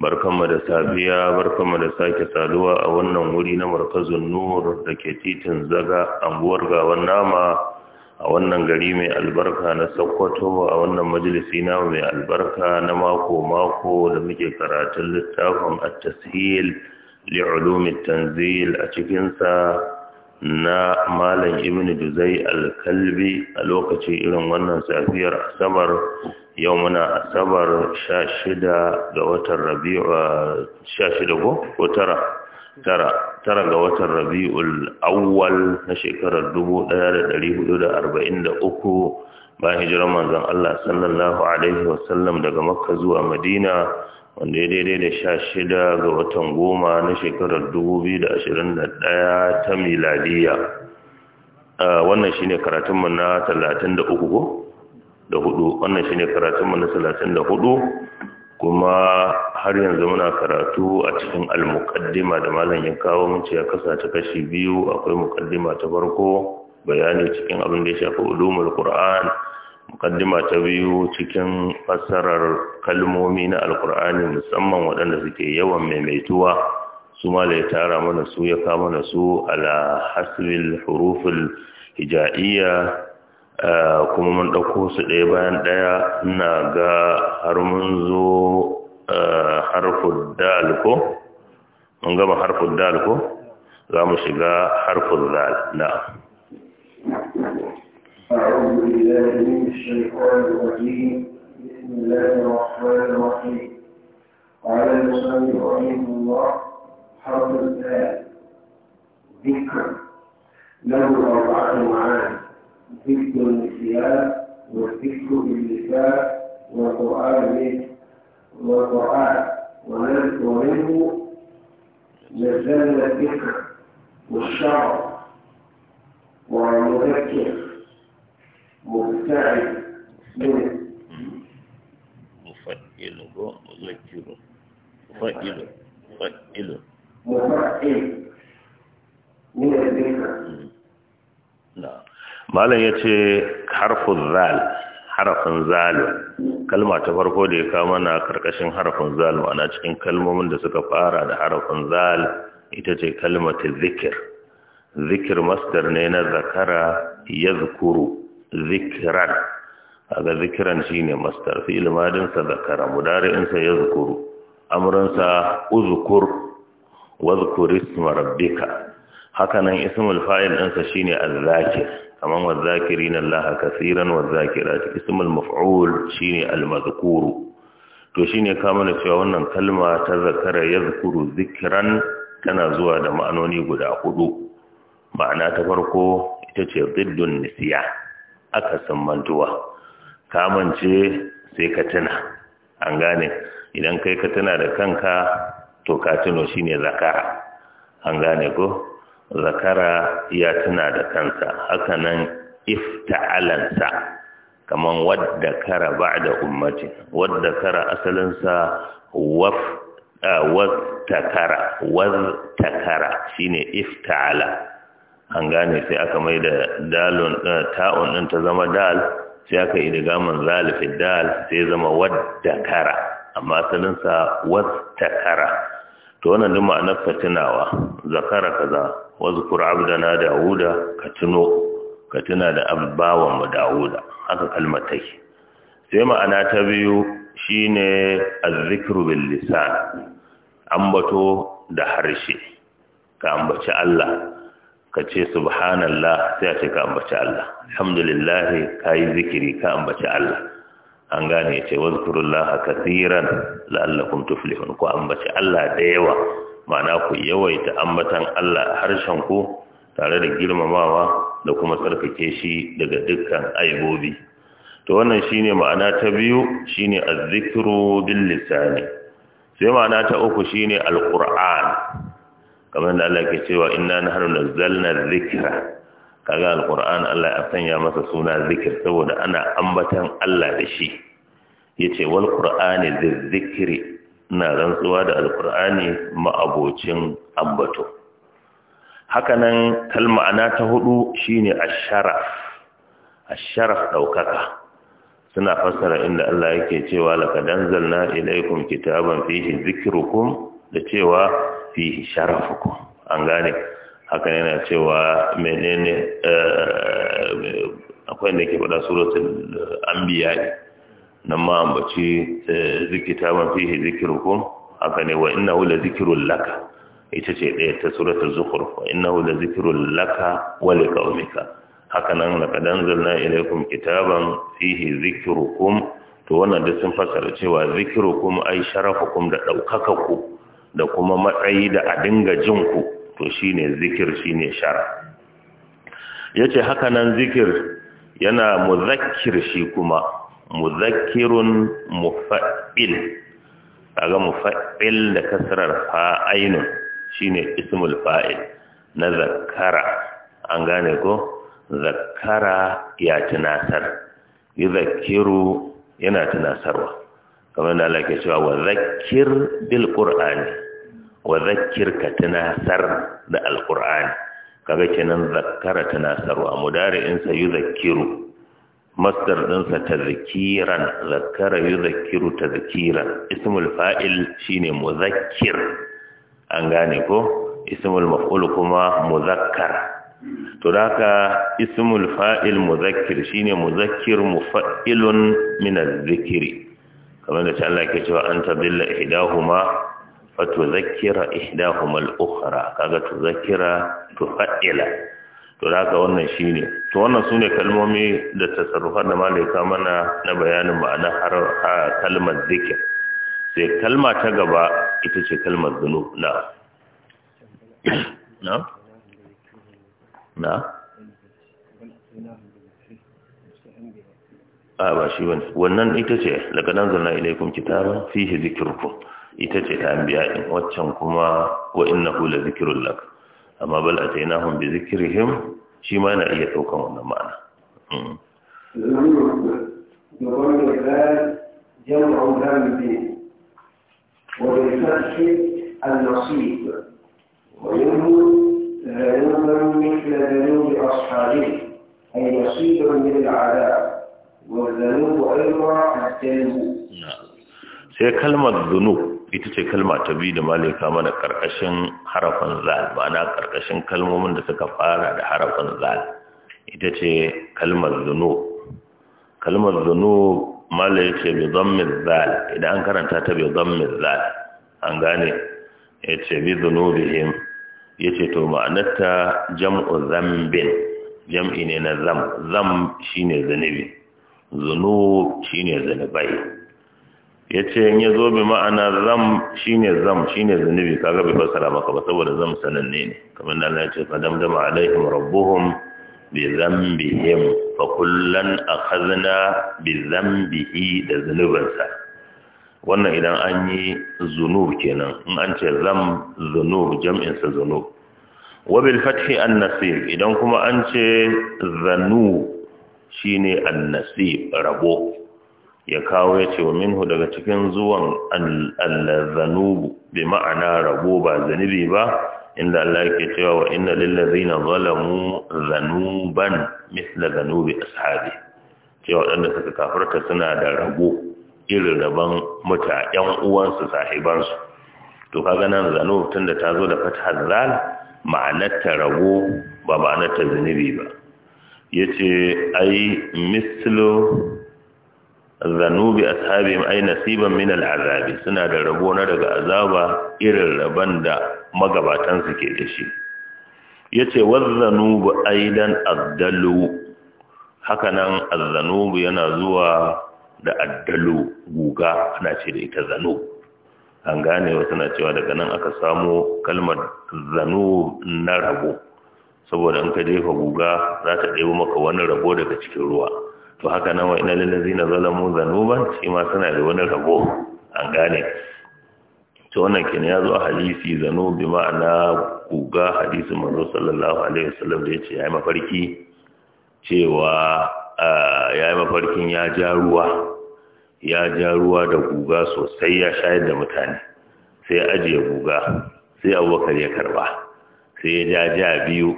barkanmu da safiya barkanmu da sake saduwa a wannan wuri na markazin nur da ke titin zaga anguwar gawan nama a wannan gari mai albarka na sokoto a wannan majalisi na mai albarka na mako-mako da muke karatun littafin a tashil li'ulumi tanzil a cikinsa na malam ibn juzai al-kalbi a lokacin irin wannan safiyar asabar yau muna asabar sha shida ga watan rabi'u sha shida ko ko tara tara ga watan rabi'ul awwal na shekarar dubu ɗaya da ɗari hudu da arba'in da uku bayan hijirar manzon Allah sallallahu alaihi wasallam daga makka zuwa madina wanda ya daidai da sha shida ga watan goma na shekarar dubu biyu da ashirin da ɗaya ta miladiya uh, wannan shine karatunmu na talatin da uku ko da hudu wannan shine karatunmu na talatin da hudu kuma har yanzu muna karatu a cikin al da malam ya kawo mun ce ya kasa ta kashi biyu akwai muqaddima ta farko bayani cikin abin da ya shafi ulumul qur'an muqaddima ta biyu cikin fassarar kalmomi na alqur'ani musamman waɗanda suke yawan maimaituwa su ma ya tara mana su ya kama mana su ala hasbil huruful hijaiya kuma mun ɗauko su ɗaya bayan ɗaya ina ga har mun zo harfin dal ko mun gama harfin dal ko za mu shiga harfin dal na أعوذ بالله من الشيطان الرجيم بسم الله الرحمن الرحيم قال المصنف رحمه الله حرف الدال ذكر له أربعة معاني ذكر النسيان والذكر باللسان والقرآن به والقرآن ومنه نزلنا الذكر والشعر والمذكر مبتعد منه مفعله مذكر مفعله مفعله مفعل من الذكر نعم malam ya ce harfin zal harafin zal, kalma ta farko da ya kama na karkashin harafin zal, ma'ana cikin kalmomin da suka fara da harafin zal ita ce kalmata zikir zikir masdar ne na zakara ya zukuru zikiran aga zikiran shine masdar fi ilmadinsa zakara mudari'insa ya zukuru amurinsa uzukur wazukuris marabbika hakanan ismul fa'il ɗinsa shine zakir kamar wazakirin Allah kasiran wazakirat ismul maf'ul shine al-mazkuru to shine ka mana cewa wannan kalma ta zakara yazkuru zikiran tana zuwa da ma'anoni guda hudu ma'ana ta farko ita ce ziddun nisiya aka sammantuwa kamance sai ka tuna an gane idan kai ka tuna da kanka to ka tuno shine zakara an gane ko zakara ya tuna da kansa haka hakanan ifta'alansa kaman wadda kara ba'da ummati wadda kara asalinsa waf shi ne shine ifta'ala an gane sai aka mai da dalun ɗin ta zama dal sai aka yi man zalifi dal sai zama Wadda Kara. amma asalinsa takara to wannan duk ma'anar fatinawa zakara kaza wazukur abdana dauda ka tuno ka tuna da abbawan mu Dawuda, haka kalmar take sai ma'ana ta biyu shine azzikru bil lisan ambato da harshe ka ambaci Allah ka ce subhanallah sai a ce ka ambaci Allah alhamdulillah kai zikiri ka ambaci Allah an gane ce wazkurullaha kasiran la'allakum tuflihun ku ambaci Allah da yawa ma'ana ku yawaita ambatan Allah harshen ku tare da girmamawa da kuma tsarkake shi daga dukkan aibobi to wannan shine ma'ana ta biyu shine azzikru bil lisani sai ma'ana ta uku shine alquran kamar da Allah ke cewa inna nahnu nazzalna dhikra kaga alquran Allah ya sanya masa suna zikir saboda ana ambatan Allah da shi yace wal qur'ani dhikri na rantsuwa da alkur'ani ma'abocin ambato hakanan kalma'ana ta hudu shine asharaf asharaf daukaka suna fassara inda Allah yake cewa laqad anzalna ilaykum kitaban fihi dhikrukum da cewa fihi sharafukum an gane ne yana cewa menene eh, akwai da ke faɗa suratul anbiya nan ma ambaci eh, zikita man fihi zikrukum haka ne wa innahu la zikrul laka ita ce ɗaya ta surata zukhruf wa innahu la zikrul laka wa liqaumika haka nan kadan zalna ilaikum kitaban fihi zikrukum to wannan da sun fasara cewa zikrukum ai sharafukum da ɗaukaka ku da kuma matsayi da a dinga jin ku to shine zikir shine shara yace haka nan zikir yana muzakkir shi kuma muzakirun mufa'il kaga mufa'il da kasrar fa'ainun shine ismul fa'il na Zakara. an gane ko Zakara ya tunasar Zakiru yana tunasarwa kamar da Allah ke cewa wa zakir bil qur'ani wa zakir ka tunasar da alqur'ani kaga kenan zakara tunasarwa in sa Zakiru. Mastar ɗinsa ta zikiran, zakara yi zakiru ta zakiran ismul fa'il shine muzakkir an gane ko ismul maf'ul kuma muzakkar to haka ismul fa'il muzakkir shine Muzakir mufailun min az-zikri kamar da Allah ke cewa an tadilla ihdahuma fa tuzakkira ihdahuma al-ukhra kaga tuzakkira tufaila to da haka wannan shi ne to wannan su ne kalmomi da tasarrufar da malaika mana na bayanin ma'ana har kalmar zikir sai kalma ta gaba ita ce kalmar zunub na na na a ba shi wani wannan ita ce daga nan zana ilaikun fi shi zikirku ita ce ta biya in waccan kuma wa inna hula zikirun laka amma bal أتيناهم bi zikrihim shi ma na iya daukan wannan ma'ana جمع ذنب وبالفتح النصيب مثل ذنوب أصحابه أي نصيب من العذاب والذنوب أيضا التنبو نعم sai kalmar zunub ita ce kalma ta biyu da malai kama da karkashin harafin zal ma'ana karkashin kalmomin da suka fara da harafin zal ita ce kalmar zunub kalmar zunub ya ce bi zal idan an karanta ta bi zammin zal an gane ya ce bi zunubihim ya ce to ma'anarta jam'u zambin jam'i ne na zam zam shine zunubi zunub shine zunubai ya ce in ya zo bi ma'ana zam shine zam shine zunubi kaga bai fassara maka ba saboda zam sananne ne kamar da Allah ya ce da alaihim rabbuhum bi zambihim fa kullan kazina bi zambihi da zunubansa wannan idan an yi zunub kenan in an ce zam zunub jam'insa sa zunub wa bil fathi an-nasib idan kuma an ce zanu shine an-nasib rabo ya kawo ya ce wa minhu daga cikin zuwan al-zanubu bi ma'ana rabo ba zanubi ba inda Allah yake cewa wa inna na zalamu zanuban misla zanubi ashabi cewa waɗanda suka kafarta suna da rabo irin rabon muta ƴan uwansu sahibansu to ka ganin nan tun tunda ta zo da fathar zal ma'anar ta rabo ba ma'anar ta ba yace ai mislu zanubi ashabi mai nasiban min al'azabi suna da rabo na daga azaba irin rabon da magabatan su ke da shi Ya yace zanubi aidan addalu hakanan azzanubu yana zuwa da addalu guga ana ce da ita zanu an gane wasu na cewa daga nan aka samu kalmar zanu na rabo saboda in ka jefa guga za ta ɗebo maka wani rabo daga cikin ruwa to haka nan wa ina na zalamu zanuban shi ma suna da wani rabo an gane to wannan kin ya zo a hadisi zanubi ma'ana kuga hadisin manzo sallallahu alaihi wasallam da yace yayi mafarki cewa yayi mafarkin ya ja ruwa ya ja ruwa da guga sosai ya shayar da mutane sai ajiye guga sai abubakar ya karba sai ya ja ja biyu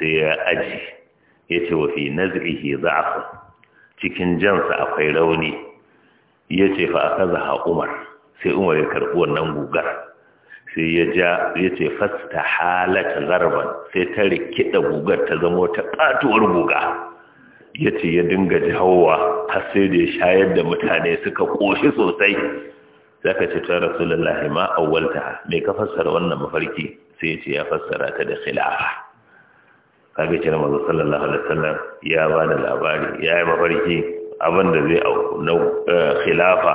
sai ya aji ya ce wa fi nazrihi za'afu cikin jansa akwai rauni ya ce fa aka zaha umar sai umar ya karɓi wannan gugar sai ya ja ya ce fasta halata zarban sai ta rikida gugar ta zama ta ƙatuwar guga ya ce ya dinga jihauwa har sai da ya shayar da mutane suka ƙoshi sosai za ka ce ta rasulullahi ma awwalta mai ka fassara wannan mafarki sai ya ce ya fassara ta da khilafa sabi ce na mazu sallallahu alaihi wasallam ya ba da labari ya yi mafarki abin zai auku na eh, khilafa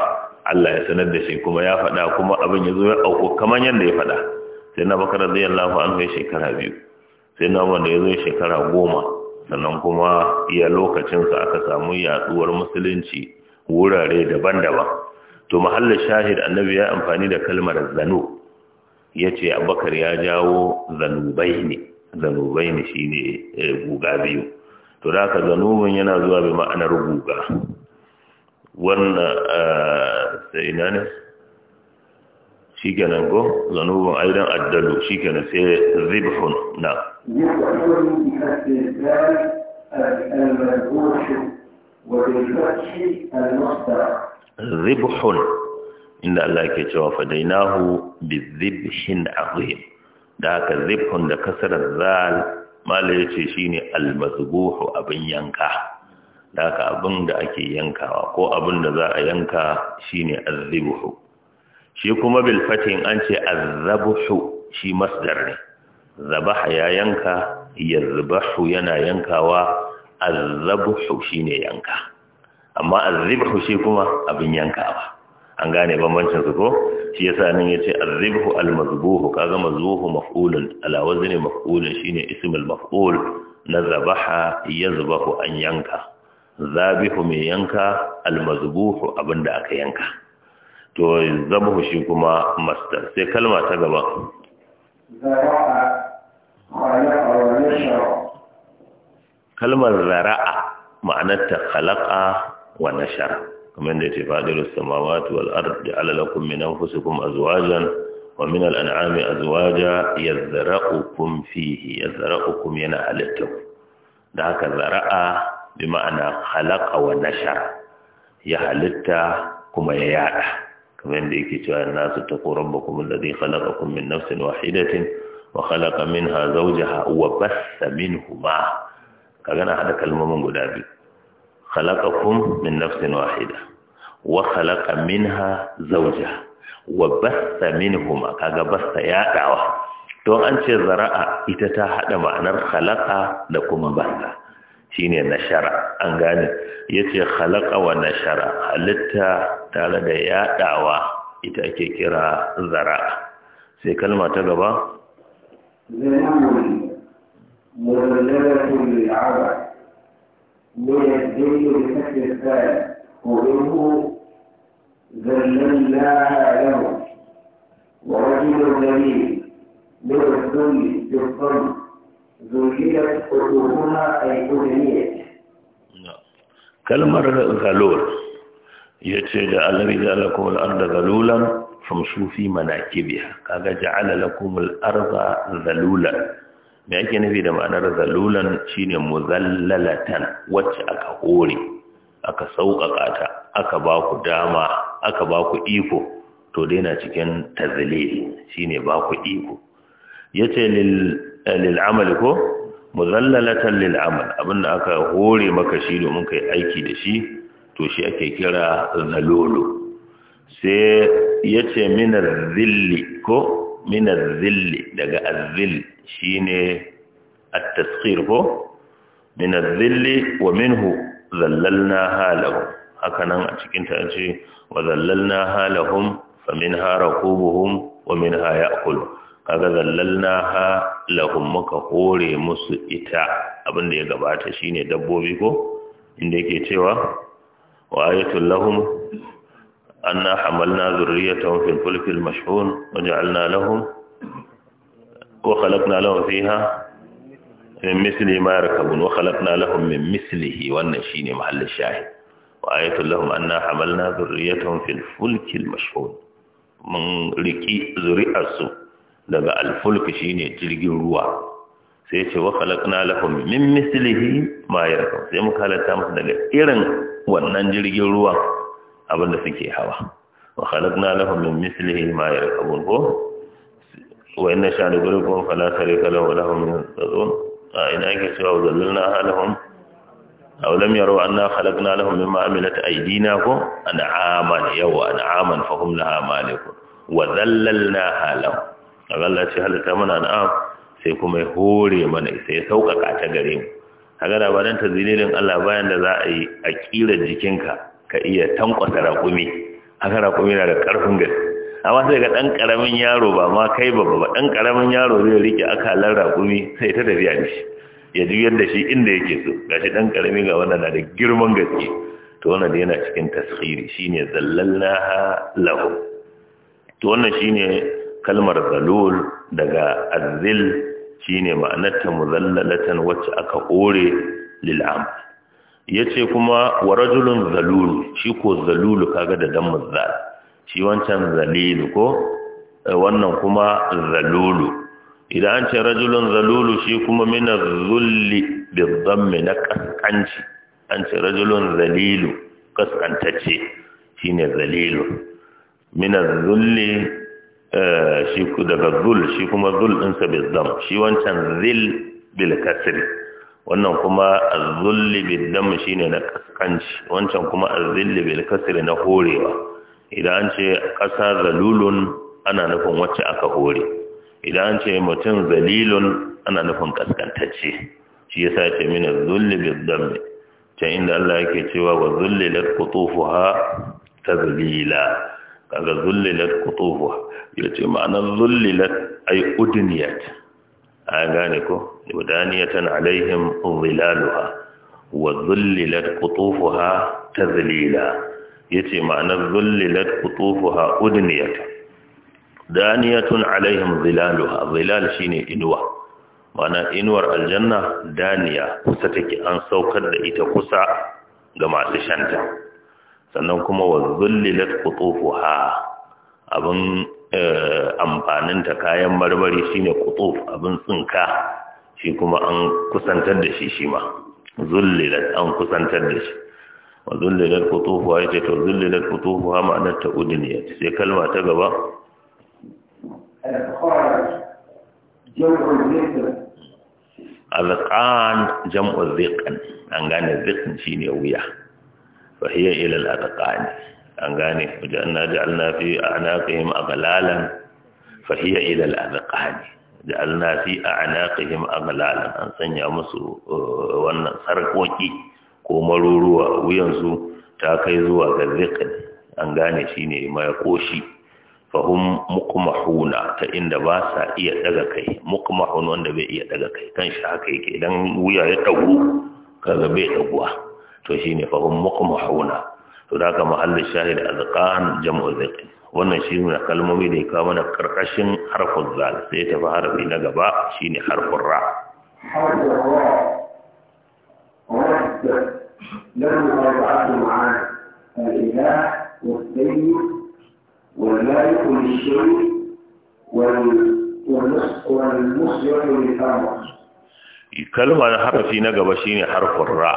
Allah ya sanar da shi kuma ya faɗa kuma abin ya zo ya auku kamar yadda ya faɗa sai na bakar radiyallahu an ya shekara biyu sai na wanda ya zo shekara goma sannan kuma iya lokacinsa aka samu yaduwar musulunci wurare daban-daban to mahallin shahid annabi ya amfani da kalmar zanu ya ce abakar ya jawo zanubai ne zanubai ne shi ne eh, guga biyu to da aka zanubin yana zuwa bi ma'anar guga wannan eh, sai ina shi ke nan go zanubin aidan addalu shi nan sai zibhun na zibhun inda Allah ke cewa fadainahu bi zibhin azim da haka zifun da kasarar zal mala ya ce shi ne almazubuhu abin yanka da haka abin da ake yankawa ko abin da za a yanka shi ne azzibuhu shi kuma bilfatin an ce azzabuhu shi masdar ne zabaha ya yanka zubahu yana yankawa azzabuhu shi ne yanka amma azzibuhu shi kuma abin yankawa an gane bambancin su ko shi yasa nan yace ar-ribhu al-mazbuhu kaga mazbuhu maf'ulun ala wazni maf'ulun shine ismul maf'ul na zabaha yazbahu an yanka zabihu mai yanka al-mazbuhu abinda aka yanka to zabahu shi kuma master sai kalma ta gaba kalmar zara'a ma'anar ta khalaqa wa nashara kamar da ce fadiru samawati wal ard ja'ala lakum min anfusikum azwajan wa min al an'ami azwaja yazra'ukum fihi yazra'ukum yana halitta da haka zara'a bi ma'ana khalaqa wa nashara ya halitta kuma ya yada kamar da yake cewa nasu taqu zai alladhi kun min nafsin wahidatin wa min ha zawjaha wa min minhuma Ka gana hada kalmomin guda biyu khalaqakum min nafsin wahida wa khalaqa minha zauja, wa basta minhuma kaga basta yadawa to an ce zara'a ita ta haɗa ma'anar khalaqa da kuma basta shine nashara an gane yace khalaqa wa nashara halitta tare da yaɗawa ita ake kira zara'a sai kalma ta gaba mudallatul 'abad من الدين بفتح الثاني ومنه ذللناها له ورجل ذليل من الذل بالظن ذللت قلوبها اي اذنيت كلمة غلول yace da alari da lakum al-arda zalulan famshu fi manakibiha kaga ja'ala lakum al-arda zalulan me ake nufi da ma'anar zalulan shine muzallalatan wacce aka hore aka sauƙaƙa ta aka ba ku dama aka ba ku iko to dai na cikin tazlil shine ba ku iko yace lil eh, lil ko muzallalatan lil amal abinda aka hore maka shi domin kai aiki da shi to shi ake kira zalulu sai yace minar zilli ko minar zilli daga azil. Shi ne a taskir ko min wa minhu zallalna Haka nan a cikin ta ce wa zallalna min faminha raqubuhum wa min minha akulu kaga zallalna lahum muka kore musu ita abinda ya gabata shi ne dabbobi ko inda yake cewa wa ayatul lahum anna hamalna dhurriyyatahum fil fulkil mashhun wa ja'alna lahum وخلقنا لهم فيها من مثل ما يركبون وخلقنا لهم من مثله والنشين محل الشاهد وآية لهم أنا حملنا ذريتهم في الفلك المشحون من ركي ذريئة daga alfulk shine jirgin ruwa sai ce wa khalaqna lahum min mislihi ma yarkab sai muka halatta musu daga irin wannan jirgin ruwan abinda suke hawa wa khalaqna lahum min mislihi ma yarkabun ko wa inna sha'anukum fala sharika lahu wa lahum yanzurun a ina ke cewa zallulna halahum aw lam yaru anna khalaqna lahum mimma amilat aydina ko an'aman yawa an'aman fa hum laha maliku wa zallalna halahum Allah ce ta mana an'am sai kuma ya hore mana sai ya sauƙaƙa ta gare mu kaga da bayan zinirin Allah bayan da za a yi a kira jikinka ka iya tankwasa raƙumi haka raƙumi na da ƙarfin gaske amma sai ga ɗan ƙaramin yaro ba ma kai ba ba ɗan ƙaramin yaro zai rike akalar raƙumi sai ta tafiya da shi ya juyar da shi inda yake so ga shi ɗan ƙarami ga wannan na da girman gaske to wannan da yana cikin tasiri shine zallallaha lahu to wannan shine kalmar zalul daga azil shine ma'anarta muzallalatan wacce aka kore lil yace kuma wa rajulun zalul shi ko zalulu kaga da dan muzzal shi wancan zalilu ko eh, wannan kuma zalulu idan an ce rajulun zalulu shi kuma mina zulli bi dhammi na kaskanci an ce rajulun zalilu kaskantacce ne zalilu Mina zulli eh, shi daga zul shi kuma zul ɗinsa bi shi wancan zil bil kasri wannan kuma az-zulli bi shi ne na kaskanci wancan kuma az-zilli bil kasri na horewa idan ce ƙasa zalulun ana nufin wacce aka hore idan ce mutum zalilun ana nufin kaskantacce shi yasa ya ce mina zulli biddambi can inda Allah yake cewa wa zulli lat qutufuha tazlila kaga zulli lat qutufuha yace ma'anar zulli lat ai udniyat a gane ko udaniyatan alaihim zilaluha wa zulli lat ta tazlila yace ma'anar zullilat qutufuha udniyat daniyatun alaihim zilaluha zilal shine inuwa ma'ana inuwar aljanna daniya kusa take an saukar da ita kusa ga masu shanta sannan kuma wa zullilat qutufuha abin eh, amfaninta kayan marmari shine qutuf abin tsinka shi kuma an kusantar da shi shi ma zullilat an kusantar da shi wa zullilar kutufu ya ce to kutufu ha ma'anar ta sai kalma ta gaba alƙan jam'u zikan an gane zikan shi ne wuya fahiyar ilal alƙani an gane wajen na ji alnafi a anaƙihim a galalan fahiyar ilal an sanya musu uh, wannan sarkoki ko maruruwa wuyansu ta kai zuwa ga zikin an gane shi ne mai koshi fahim mukmahuna ta inda ba sa iya daga kai mukmahun wanda bai iya daga kai kan shi haka yake idan wuya ya dagu kaga bai daguwa to shine fahim mukmahuna to da kama mahallin shahid azqan jam'u zikin wannan shi ne kalmomi da ya kawo mana karkashin harfin zal sai ta fi harafi na gaba shine harfin ra ورد له أربعة معاني الإله والسيد والمالك للشيء والمصلح للأمر na harafi na gaba shine harfin ra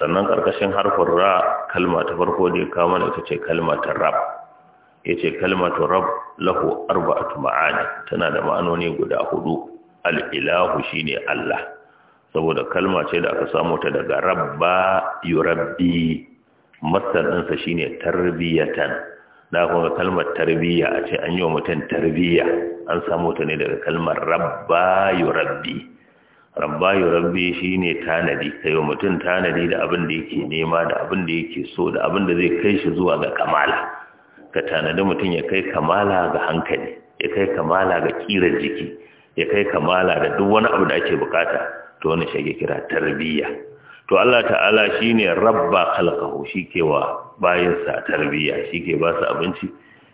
sannan ƙarƙashin harfin ra kalma ta farko da ya kama da ita ce kalma ta rab yace kalmatu rab lahu arba'atu ma'ani tana da ma'anoni guda hudu al ilahu shine Allah saboda kalma ce da aka samu ta daga rabba yurabbi masar ɗinsa ne tarbiyyatan. Na kuma kalmar tarbiyya a ce an yi wa mutum tarbiyya an samu ta ne daga kalmar rabba yurabbi rabba yurabbi ne tanadi yi wa mutum tanadi da abin da yake nema da abin da yake so da abin da zai kai shi zuwa ga kamala ka tanadi mutum ya kai kamala ga hankali ya kai kamala ga kiran jiki ya kai kamala da duk wani abu da ake bukata to wannan shi ake kira tarbiyya to Allah ta'ala shine rabba khalqahu ke wa bayinsa tarbiyya shike ba su abinci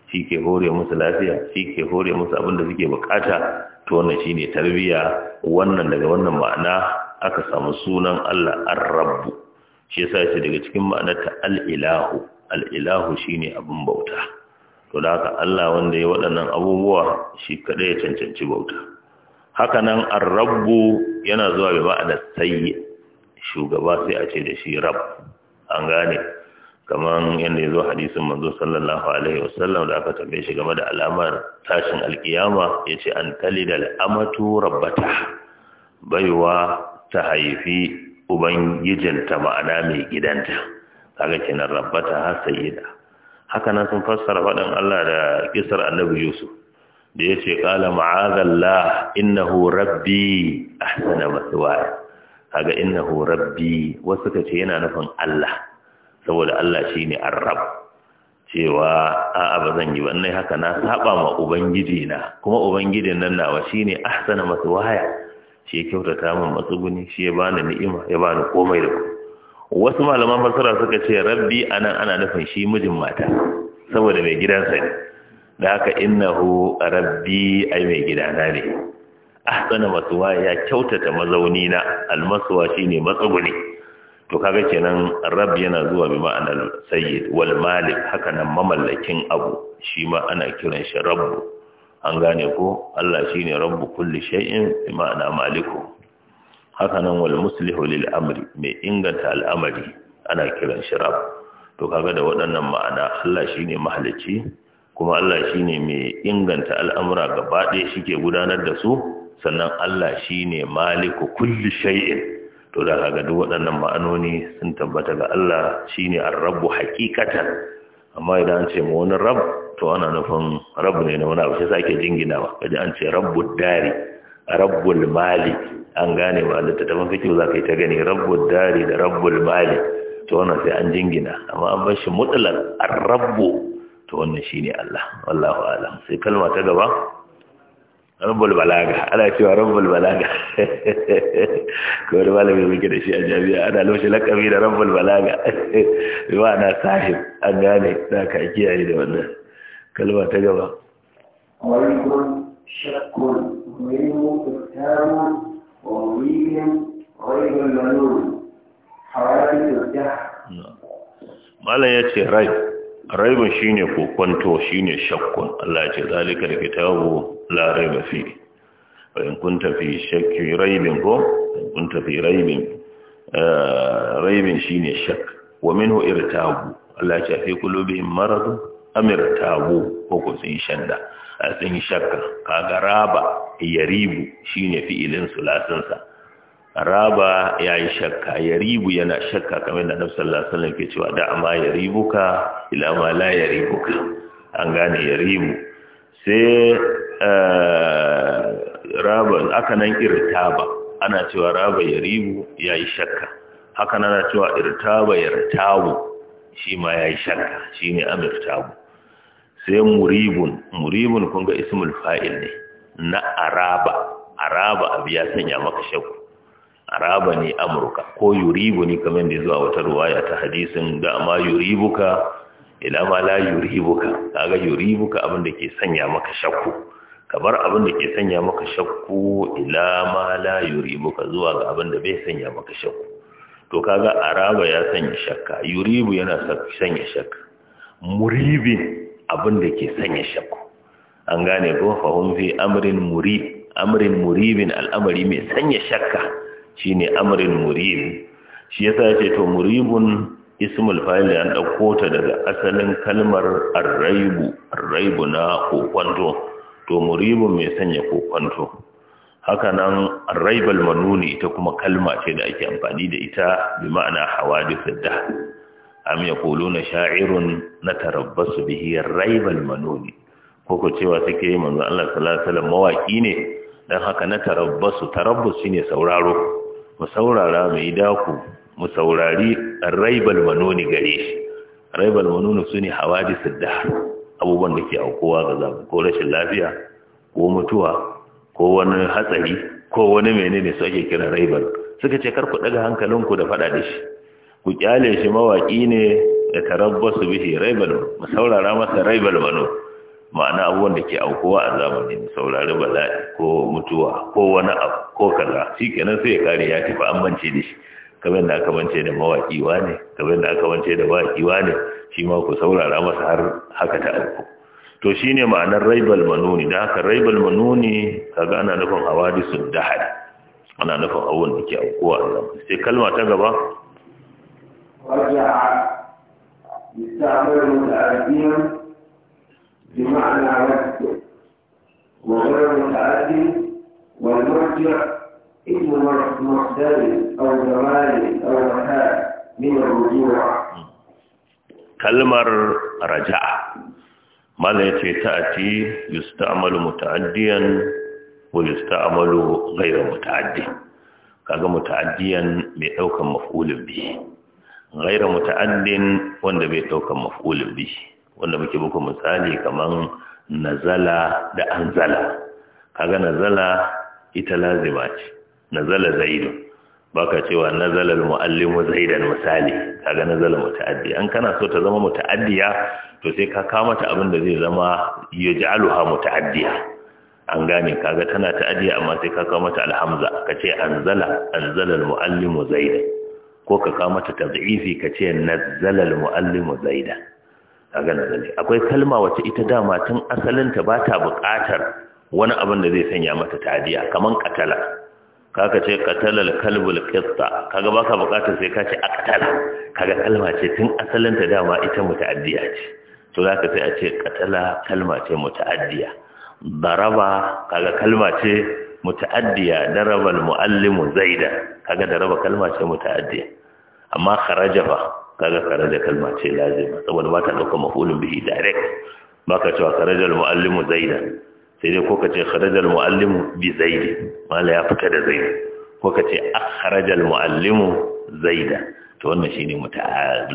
shike hore musu lafiya shike hore musu abin da suke bukata to wannan shine tarbiyya wannan daga wannan ma'ana aka samu sunan Allah ar-rabbu shi yasa shi daga cikin ma'anarta al-ilahu al-ilahu shine abin bauta to da haka Allah wanda ya waɗannan abubuwa shi kaɗai ya cancanci bauta hakanan arrabu yana zuwa bi da sayi shugaba sai a ce da shi rab an gane kamar yadda ya zo hadisin manzo sallallahu alaihi wasallam da aka tambaye shi game da alamar tashin alkiyama ya ce an da amatu rabbata baiwa ta haifi ubangijinta ma'ana mai gidanta kaga kenan rabbata sayyida haka nan sun fassara faɗin Allah da kisar annabi Yusuf da ya ce ƙala ma'azallah hu rabbi ahsana maswaya kaga hu rabbi wasu ka ce yana nufin Allah saboda Allah ne an rab cewa a'a ba zan yi ba haka na saba ma ubangiji na kuma ubangijin nan nawa sana masu waya shi ya kyautata min guni shi ya bani ni'ima ya bani komai da ku. wasu malaman fasara suka ce rabbi a nan ana nufin shi mijin mata saboda mai gidansa ne da haka innahu rabbi ai mai gidana ne ahsana masuwa ya kyautata mazauni na almasuwa shine matsuguni to kaga kenan rabb yana zuwa bi ma'anar sayyid wal malik haka nan mamallakin abu shi ma ana kiran shi rabbu an gane ko Allah shine rabbu kulli shay'in bi ma'ana maliku haka nan wal muslihu lil amri mai inganta al'amari ana kiran shi rabb to kaga da waɗannan ma'ana Allah shine mahalicci kuma Allah shi ne mai inganta al'amura gaba ɗaya shi ke gudanar da su sannan Allah shi ne maliku kulli shai'in. to da kaga duk waɗannan ma'anoni sun tabbata ga Allah shi ne an rabu hakikatan amma idan an ce ma wani rab to ana nufin rabu ne na wani abu shi sake ba kaji an ce rabu dari rabbul mali an gane ba tafi fikin za ka yi ta gani rabu dari da rabbul mali to wannan sai an jingina amma an bar shi mutsalar rabu to wannan shine Allah wallahu alam sai kalma ta gaba rabbul balaga ana cewa rabbul balaga ko da malami muke da shi a jami'a ana lushe lakabi da rabbul balaga ba ana sahib an gane da ka kiyaye da wannan kalma ta gaba walikun shakkun wayu tattaru wa wiyin ghayrul malul hawali tajah malam yace rai raibin shine kokwanto shine shakkun Allah ce zalika da kitabu la raiba fi in kunta fi shakki raibin ko in kunta fi raibin eh, raibin shine shak wa minhu irtabu Allah ce fi qulubihim maradu am irtabu ko ko sun a sun shakka kaga raba yaribu shine fi'ilin sulasinsa raba ya yi shakka ya ribu yana shakka kamar da nafsar lasalin ke cewa da amma ya ribuka ilama la ya ribuka an gane ya ribu sai eh, raba aka nan irtaba ana cewa raba ya ribu ya yi shakka haka nana cewa irtaba ya ritabu shi ma ya yi shakka shi ne amirtabu sai muribun muribun kun ga ismul fa'il ne na araba araba abu ya sanya maka shakku araba ne amurka ko yuribu ne kamar da zuwa wata ruwaya ta hadisin da ma yuribuka ila ma la yuribuka kaga yuribuka abin da ke sanya maka shakku kamar abin da ke sanya maka shakku ila ma la yuribuka zuwa ga abin da bai sanya maka shakku to kaga araba ya sanya shakka yuribu yana sanya shakka muribin abin da ke sanya shakku an gane ko fahim amrin murib amrin muribin al'amari mai sanya shakka shine amrin murib shi yasa ce to muribun ismul faili an ɗauko ta daga asalin kalmar arraibu arraibu na kokwanto to muribun mai sanya kokwanto haka nan arraibal manuni ita kuma kalma ce da ake amfani da ita bi ma'ana hawa hawadithud dah am ya na sha'irun natarabbasu bihi arraibal manuni ko ko cewa suke yi manzo Allah sallallahu alaihi wasallam mawaki ne dan haka na tarabbasu tarabbus shine sauraro mu saurara mu yi daku mu saurari raibal manoni gare shi raibal manoni su ne hawadisul abubuwan da ke aukowa ga zaɓi ko rashin lafiya ko mutuwa ko wani hatsari ko wani menene su ake kira raibal suka ce kar ku daga hankalinku da faɗa da shi ku kyale shi mawaƙi ne da tarabbasu bihi raibal mu saurara masa raibal mano ma'ana abubuwan da ke aukowa a zamani mu saurari bala'i ko mutuwa ko wani abu ko kaza nan sai ya kare ya tafi an bance da shi kamar da aka bance da mawaki wane kamar da aka bance da mawaki wane shi ma ku saurara masa har haka ta auku to shine ma'anar raibal manuni da haka raibal manuni kaga ana nufin da hada ana nufin abun da ke aukuwa a zama sai kalma ta gaba raja'a na متعديا بمعنى رد والمرجع اسم محسن أو جمال أو رهاء من الرجوع kalmar raja'a mala yace ta'ati يستعمل متعديا ويستعمل غير متعدي kaga muta'addiyan bai daukan maf'ulun bi ghayra muta'addin wanda bai daukan maf'ulun bi wanda muke muku misali kaman nazala da anzala kaga nazala ita lazima ce nazala zaidu baka cewa nazala almuallimu zaidan misali kaga nazala mutaaddi an kana so ta zama mutaaddiya to sai ka kama ta abin da zai zama yaj'aluha mutaaddiya an gane kaga tana ta'addiya amma sai ka kama ta alhamza kace anzala anzala almuallimu zaidan ko ka kama ta tad'ifi kace nazala almuallimu zaidan kaga nazali akwai kalma wacce ita dama tun asalin ta bata buƙatar wani abin da zai sanya mata tadiya kaman katala kaka ce katalal kalbul qitta kaga baka bukatar sai ka ce aqtala kaga kalma ce tun asalin ta dama ita mutaaddiya ce to zaka sai a ce katala kalma ce mutaaddiya daraba kaga kalma ce mutaaddiya daraba al muallimu zaida kaga daraba kalma ce mutaaddiya amma kharaja fa kaga kharaja kalma ce lazima saboda ba ta dauka maf'ulun bihi direct baka cewa kharaja al muallimu zaida sai dai ko kace kharajal muallimu bi zaidi mala ya fita da zaidi ko kace akhrajal muallimu zaida to wannan shine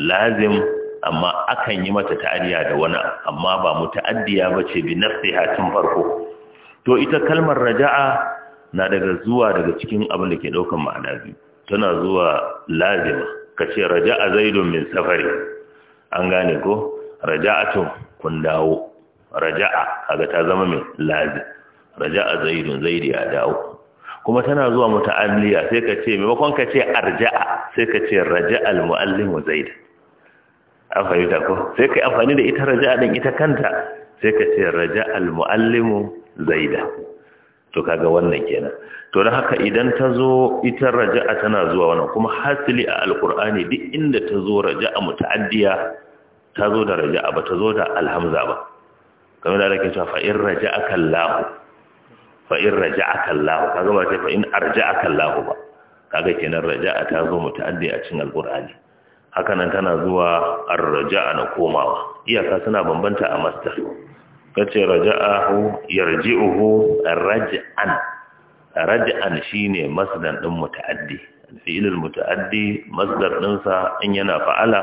lazim amma akan yi mata ta'addiya da wani amma ba muta'addiya bace bi nafsiha tun farko to ita kalmar raja'a na daga zuwa daga cikin abin da ke daukan ma'ana biyu tana zuwa lazima kace raja'a zaidun min safari an gane ko raja'atun kun dawo raja'a kaga ta zama mai lazi. raja'a zaidun zaidi ya dawo kuma tana zuwa muta'alliya sai ka ce maimakon ka ce arja'a sai ka ce raja'a wa zaid an fahimta ko sai ka amfani da ita raja'a din ita kanta sai ka ce raja'a almuallimu zaida to kaga wannan kenan to dan haka idan ta zo ita raja'a tana zuwa wannan kuma hasili a alqur'ani duk inda ta zo raja'a muta'addiya ta zo da raja'a ba ta zo da alhamza ba kamar da ake cewa fa in fain Allah fa kan lahu. Allah kaga ba sai fa in arja'aka Allah ba kaga kenan raja'a ta zo muta'addi a cikin alqur'ani Hakanan tana zuwa ar na komawa iyaka suna bambanta a masdar kace raja'ahu yarji'uhu raj'an raj'an shine masdar din muta'addi fi'ilul muta'addi masdar ɗinsa, in yana fa'ala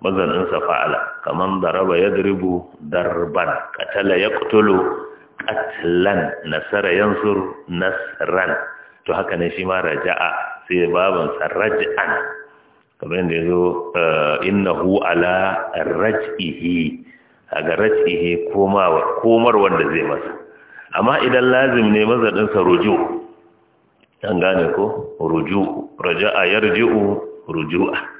fa'ala, kamar fa'ala kaman daraba yadribu darban qatala yaqtulu qatlan nasara yansur nasran to haka ne shi ma raja'a sai baban sarraj'an kamar da yazo eh, innahu ala raj'ihi aga raj'ihi komawa komar wanda zai masa amma idan lazim ne mazaninsa sa ruju an gane ko rujo raja'a yarji'u ruju'a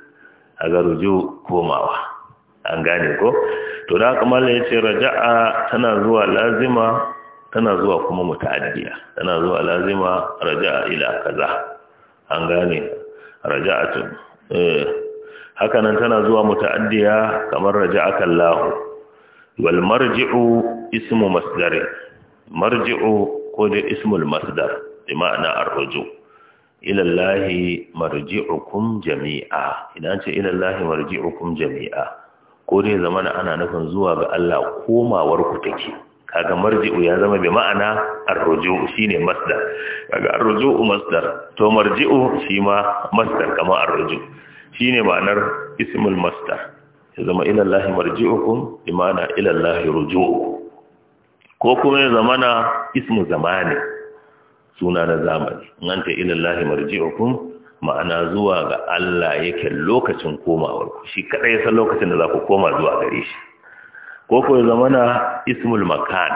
a ga ruju komawa an gane ko to da kuma ya ce raja'a tana zuwa lazima tana zuwa kuma muta'addiya tana zuwa lazima raja'a ila kaza an gane raja'atun eh, haka nan tana zuwa muta'addiya kamar raja'aka Allah wal marji'u ismu masdar marji'u ko da ismul masdar bi ma'ana ar-ruju' ilallahi marji'ukum jami'a idan ce ilallahi marji'ukum jami'a ko dai zaman ana nufin zuwa ga Allah komawar ku take kaga marji'u ya zama bi ma'ana arruju shine masdar kaga arruju masdar to marji'u shi ma masdar kamar arruju shine ma'anar ismul masdar ya zama ilallahi marji'ukum bi ma'ana ilallahi ruju. ko kuma ya zamana ismu zamani suna na zamani Nanta ilallahi marji'ukum ma'ana zuwa ga Allah yake lokacin komawar ku shi kadai san lokacin da za ku koma zuwa gare shi ko ko zamana ismul makan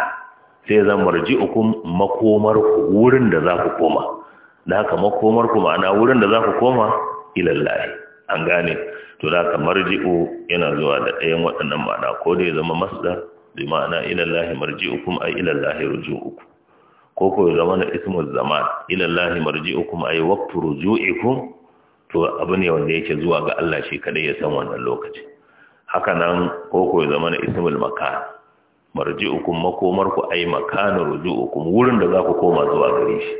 sai zan marji'ukum makomar ku wurin da za ku koma da haka makomar ku ma'ana wurin da za ku koma ilallahi an gane to da haka marji'u yana zuwa da ɗayan waɗannan ma'ana ko da ya zama masdar bi ma'ana ilallahi marji'ukum ay ilallahi ruju'ukum ko ko zama na ismul zaman ilallahi marji'ukum ay waqtu ruju'ikum to abu ne wanda yake zuwa ga Allah shi kadai ya san wannan lokaci haka nan ko ko zama na ismul makan marji'ukum makomar ku ay makan ruju'ukum wurin da za ku koma zuwa gare shi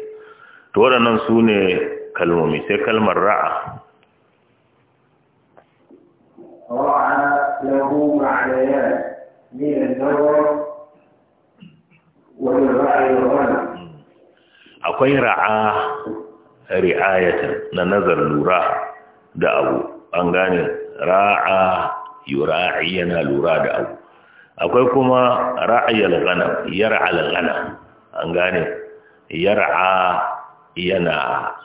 to waɗannan sune kalmomi sai kalmar ra'a ra'a lahu ma'anayat min an-nazar akwai ra'a ri'ayatan na nazar lura da abu an gane ra'a yura'i yana lura da abu akwai kuma ra'ayal ghanam yar'al ghana an gane yar'a yana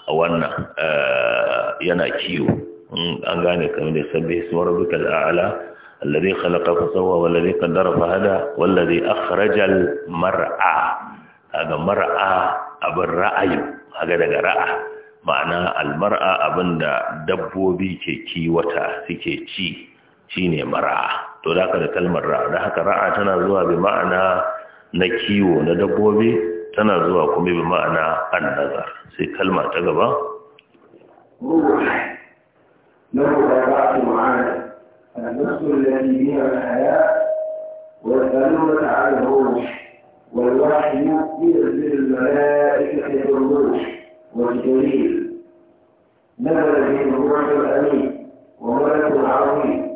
wannan eh, yana kiwo hmm, an gane kamar da sabbi ismu da a'la الذي خلق فسوى والذي قدر فهدى والذي أخرج المرعى هذا مرعى أبن رأي هذا رأى معنى المرعى أبن دبوبي كي كي وتا سكي شي شيني مرعى تلاقى لكلمة الرعى ده رعى تنازوها بمعنى نكيو ندبوبي تنازوها كمي بمعنى النظر سي كلمة تقبى نور النص الذي فيها الحياة ويسألونك عن الروح والوحي ينزل الملائكة بالروح والجليل نزل به الروح الأمين وملك العظيم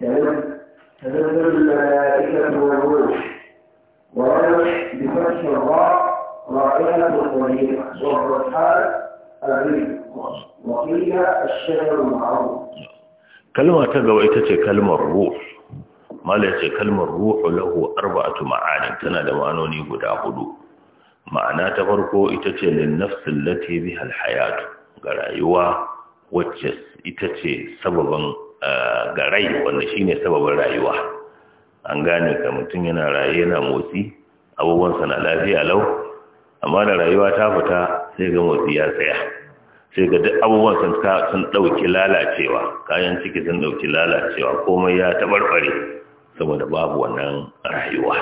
تنزل الملائكة والروح وروح بفتح الراء رائحة طريقة وهو الحال الريح وقيل الشعر المعروف kalma ta gaba ita ce kalmar ruh mala ce kalmar ruh lahu arba'atu ma'ani tana da ma'anoni guda hudu ma'ana ta farko ita ce lin nafsin lati biha alhayatu ga rayuwa wacce ita ce sababan eh, ga rai wanda shine sababin rayuwa an gane ka mutum yana raye yana motsi abubuwansa na lafiya lau amma da rayuwa ta fita sai ga motsi ya tsaya sai ga duk abubuwan sun sun dauki lalacewa kayan ciki sun dauki lalacewa komai ya tabarbare saboda babu wannan rayuwa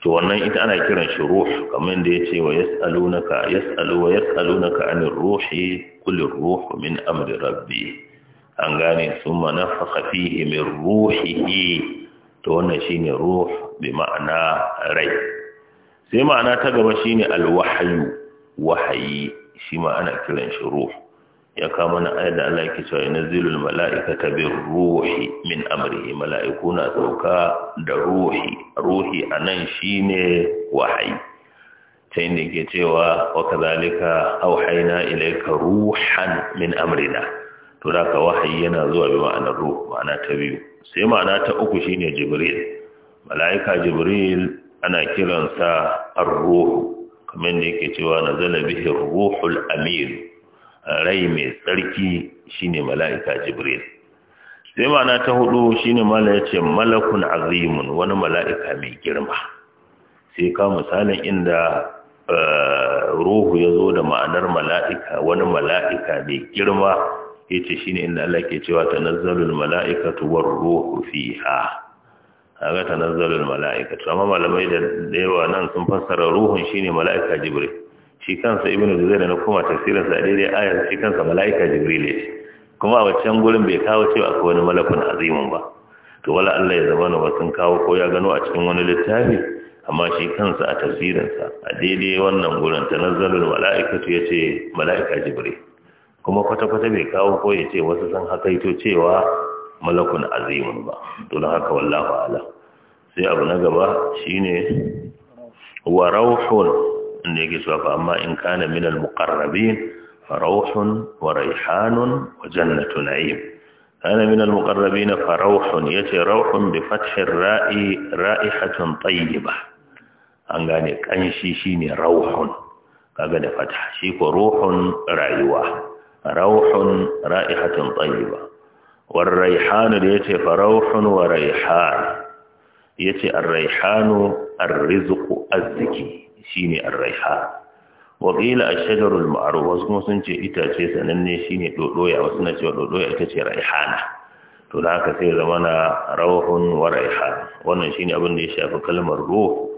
to wannan ita ana kiran shi ruh kamar da yace wa yasalunaka yasalu wa yasalunaka anir ruhi qul ruh min amri rabbi an gane summa nafakha fihi min ruhihi to wannan shine ruh bi ma'ana rai sai ma'ana ta gaba shine al alwahyu wahayi shi ma ana kiran shi ruh ya kama na ayar da Allah yake cewa yanzilul ta bir ruhi min amrihi mala'iku na sauka da ruhi ruhi anan shine wahayi sai ne ke cewa wa kadhalika auhayna ilayka ruhan min amrina to da ka wahayi yana zuwa bi ma'anar ruh ma'ana ta biyu sai ma'ana ta uku shine jibril mala'ika jibril ana kiransa ar-ruh kamar da yake cewa nazala bihi ruhul amin rai mai tsarki shine mala'ika jibril sai mana ta hudu shine mala yace malakun azimun wani mala'ika mai girma sai ka misalin inda eh, ruhu ya zo da ma'anar mala'ika wani mala'ika mai girma yace shine inda Allah ke cewa ta tanazzalul mala'ikatu war ruhu ga ta tanazzalul mala'ikatu amma malamai da yawa nan sun fassara ruhun shine mala'ika jibril shi kansa ibn juzair na kuma tafsirin sa daidai ayar shi kansa malaika jibril ne kuma a wancan gurin bai kawo cewa akwai wani malakun azimin ba to wala Allah ya zama ba sun kawo ko ya gano a cikin wani littafi amma shi kansa a tafsirin sa a daidai wannan gurin tanazzalul malaikatu yace malaika jibril kuma kwata-kwata bai kawo ko ya ce wasu sun hakaito cewa malakun azimin ba don haka wallahu ala sai abu na gaba shine wa rauhun inda yake cewa fa amma in kana min al-muqarrabin fa rawhun wa rayhanun wa jannatu na'im kana min al-muqarrabin fa rawhun yace rawhun bi fathi ra'i ra'ihatun tayyiba an gane kanshi shine rawhun kaga da shi ko ruhun rayuwa rawhun ra'ihatun tayyiba والريحان yace فروح وريحان يتي الريحان الرزق الزكي shine ar-raiha wa qila ash-shajaru al wasu kuma sun ce itace sananne shine dodoya wasu na cewa dodoya ita ce raihana to da haka sai zama na rauhun wa raihan wannan ne abin da ya shafi kalmar ruh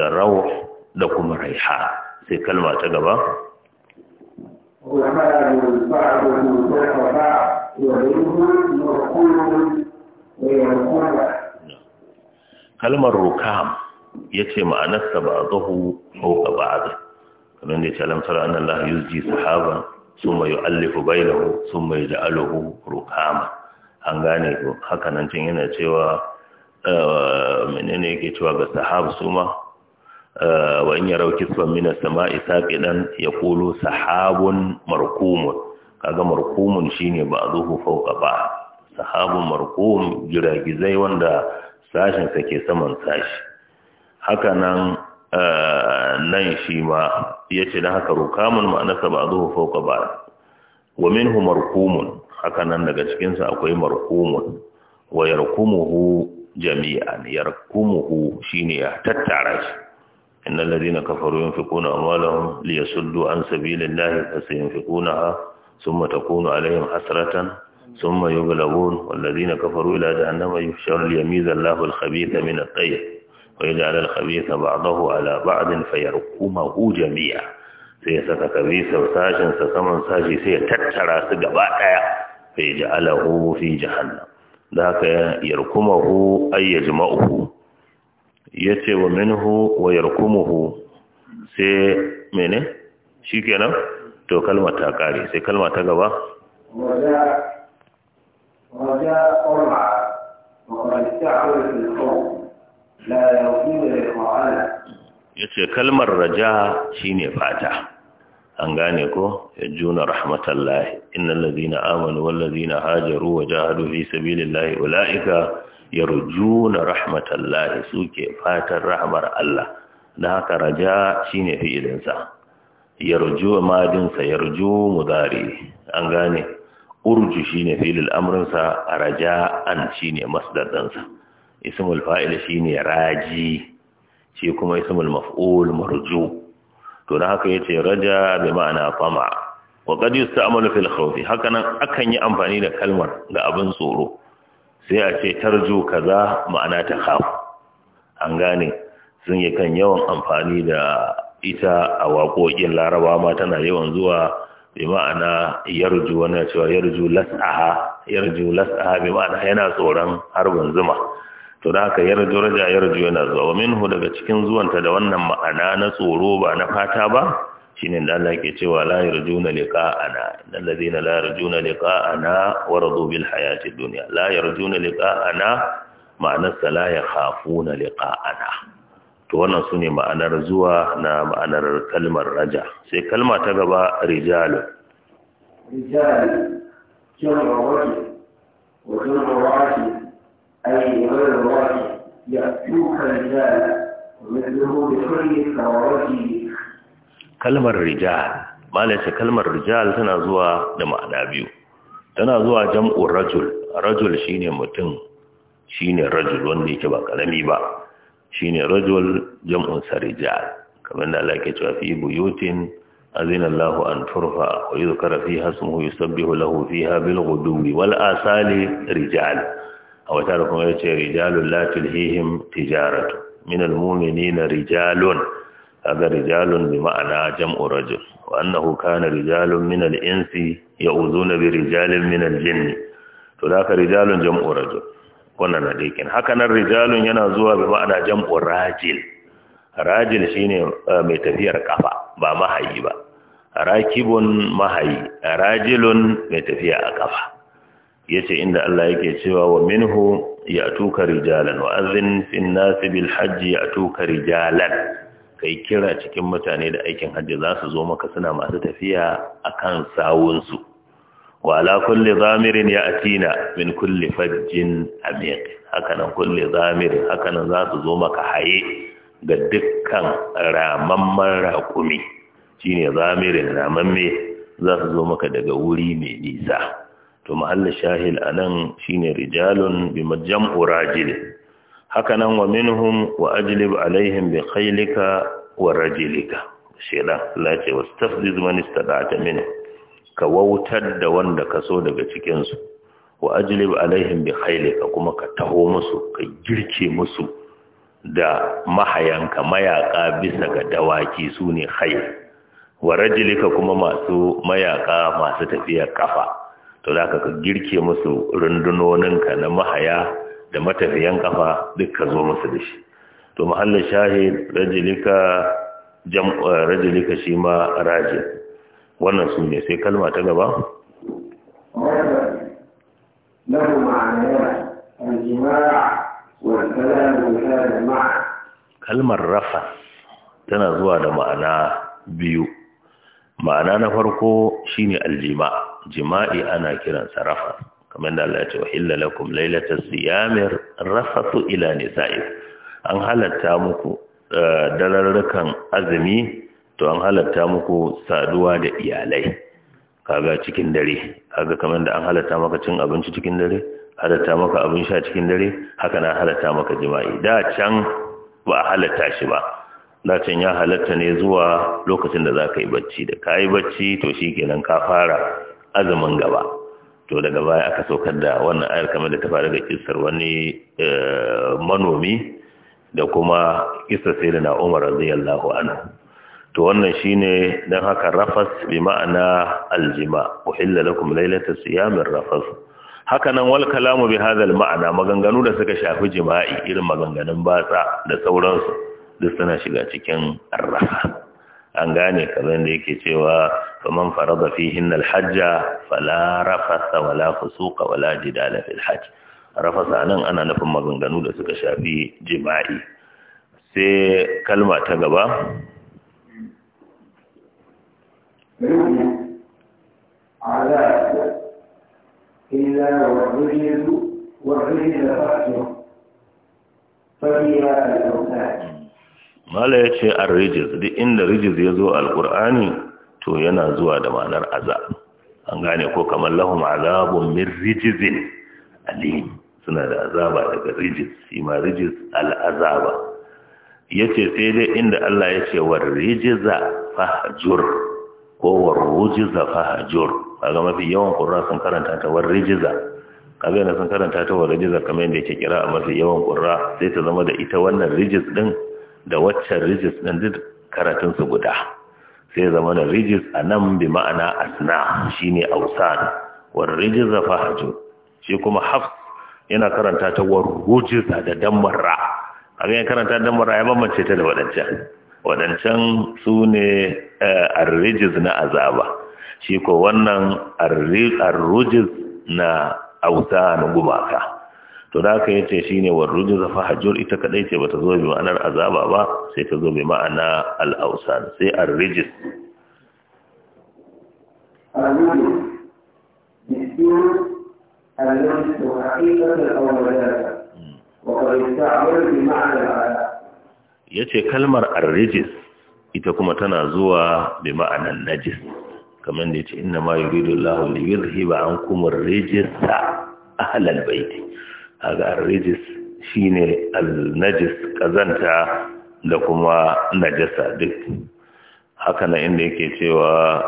da rauh da kuma raiha sai kalma ta gaba kalmar rukam ya ce ma'anarsa ba a zahu fauka ba a kamar da ya ce alamsara an Allah yuzji sahaba Su mai bai da su mai ja'aluhu rukama an gane ko haka nan can yana cewa menene yake cewa ga sahaba su ma wa in yarau kisban Isa as-sama'i ya yaqulu sahabun markumun kaga markumun shine ko fawqa ba sahabun markumun giragizai wanda sashin ke saman sashi hakanan eh, nan shi ma ya ce da haka rukamun ma'anarsa ba zuwa fauka ba wa minhu markumun hakanan nan daga cikinsa akwai markumun wa yarkumuhu jami'an yarkumuhu shine ya tattara shi innal ladina kafaru yunfiquna amwalahum liyasuddu an sabilillahi fasayunfiqunaha thumma kuna alaihim hasratan thumma yughlabun wal ladina kafaru ila jahannama yuhsharun liyamiza Allahu khabitha min at-tayyib ويجعل الخبيث بعضه على بعض فيرقمه جميعا sai ya saka kabisa sashinsa saman sashi sai ya tattara su gaba ɗaya fa ya ja'ala hu fi jahannam da haka yarkumahu ay Ya ce wa minhu wa Yarkumahu? sai mene shi shikenan to kalma ta ƙare, sai kalma ta gaba Wajen waja qur'a wa qad ta'awul fil ya ce kalmar raja shine fata an gane ko ya juna rahmatallahi innan lazina amanu wallazina hajaru wa jahadu fi sabilillahi ula'ika yarjuna rujuna rahmatallahi suke fatan rahmar Allah da haka raja shine fi'ilinsa yarju ruju madinsa ya ruju mudari an gane urju shine fi'il amrinsa raja an shine masdar ɗansa ismul fa'il shine raji shi kuma ismul maf'ul marju to da haka yace raja bi ma'ana tama wa qad yusta'malu fil khawf haka nan akan yi amfani da kalmar ga abin tsoro sai a ce tarju kaza ma'ana ta khaf an gane sun yi kan yawan amfani da ita a waƙoƙin laraba ma tana yawan zuwa bi ma'ana yarju wani cewa yarju las'aha yarju las'aha bi ma'ana yana tsoron harbin zuma to da haka yarju raja yarju yana zuwa wa minhu daga cikin zuwanta da wannan ma'ana na tsoro ba na fata ba shine da Allah yake cewa la yarjuna liqa'ana innal ladina la yarjuna liqa'ana waradu bil hayati dunya la yarjuna liqa'ana ma'anar ya khafuna liqa'ana to wannan su ma'anar zuwa na ma'anar kalmar raja sai kalma ta gaba rijalun rijalun أي غير واجب يأتوك رجالا ومثله بكل فواجب kalmar rijal malai ce kalmar rijal tana zuwa da ma'ana biyu tana zuwa jam'ur rajul rajul shine mutum shine rajul wanda yake ba karami ba shine rajul jam'un Rijal. kamar da Allah yake cewa fi buyutin azina Allah an turfa wa yuzkara fiha ismuhu yusabbihu lahu fiha bil ghuduwi wal asali rijal a wata kuma ya ce rijalun latin hihim tijaratu minal mumini na rijalun ga rijalun bi ma'ana jam'u rajul Wannan annahu na rijalun minal insi ya'uzuna bi rijalin minal jinni to da ka rijalun jam'u rajul wannan na dikin haka nan rijalun yana zuwa bi ma'ana jam'u rajil rajil shine eh, mai tafiyar kafa ba mahayi ba rakibun mahayi rajilun mai tafiya a kafa yace inda Allah yake cewa wa minhu ya'tuka rijalan wa azin fin nasi bil hajji ya'tuka rijalan kai kira cikin mutane da aikin hajji za su zo maka suna masu tafiya akan sawun su wa ala kulli zamirin ya'tina min kulli fajjin amiq nan kulli zamirin nan za su zo maka haye ga dukkan ramamman raƙumi shine zamirin ramamme za su zo maka daga wuri mai nisa to mahallin shahil shi ne rijalun bi majam rajil haka nan wa minhum wa ajlib alaihim bi khaylika wa rajilika shedan Allah ce wastafziz man istada'ta mini. ka wautar da wanda ka so daga cikin su wa ajlib alaihim bi khaylika kuma ka taho musu ka girke musu da mahayanka mayaka bisa ga dawaki sune khayl wa rajilika kuma masu mayaka masu tafiyar kafa to za ka girke musu rundunoninka na mahaya da matafiyan kafa duk ka zo musu da shi to mahallin shahid eh, rajulika shi ma rajin wannan su ne sai kalma ta gaba kalmar rafa tana zuwa da ma'ana biyu ma'ana na farko shine aljima'a jima'i ana kiransa rafa kamar da Allah ya ce wa illa lakum lailatas siyamir rafatu ila nisa'ikum an halatta muku eh, dalarrukan azumi to an halatta muku saduwa da iyalai kaga cikin dare kaga kamar da an halatta maka cin abinci cikin dare halatta maka abin sha cikin dare haka na halatta maka jima'i da can ba a halatta shi ba can ya halatta ne zuwa lokacin da za ka yi bacci da ka yi bacci to shi kenan ka fara azumin gaba to daga baya aka saukar da wannan ayar kamar da ta faru ga kisar wani eh, manomi da kuma sai da Umar radiyallahu anhu to wannan shine dan haka rafas bi ma'ana aljima uhilla lakum siya siyamir rafas hakanan wal kalamu bi hadhal ma'ana maganganu da suka shafi jima'i irin maganganun batsa da sauransu duk suna shiga cikin rafas an gane kamar da yake cewa faman farada fihin alhajja fala rafasa wala fusuqa wala jidala fil hajj rafasa nan ana nufin maganganu da suka shafi jima'i sai kalma ta gaba ala mala ya ce an rijiz duk inda rijiz ya zo alkur'ani to yana zuwa da ma'anar azab an gane ko kamar lahum azabun min rijizin alim suna da azaba daga rijiz shi ma rijiz al'azaba ya ce sai dai inda Allah ya ce war rijiza fahajur ko war rujiza fahajur kaga mafi yawan ƙura sun karanta ta war rijiza kaga yana sun karanta ta war rijiza kamar yadda yake kira a mafi yawan ƙura sai ta zama da ita wannan rijiz din da waccan rijis ɗin duk karatunsu guda sai zama na rijis a nan bi ma'ana asna shi ne ausan wani rijis da fahajo shi kuma hafs yana karanta ta warrujis da damarra a ganin karanta damarra ya bambance ta da waɗancan waɗancan su ne eh, rigis na azaba shi ko wannan a arrijis na ausan gumaka to da aka yace shine warrujin zafa hajjur ita kadai ce bata zo bi ma'anar azaba ba sai ta zo bi ma'ana al-awsan sai ar-rijis yace kalmar ar-rijis ita kuma tana zuwa bi ma'anar najis kamar da yace inna ma yuridu Allahu li yuzhiba ankum ar rijis ahlal bayti Aga arrijis shi ne alnajis ƙazanta da kuma najasa duk haka na inda yake cewa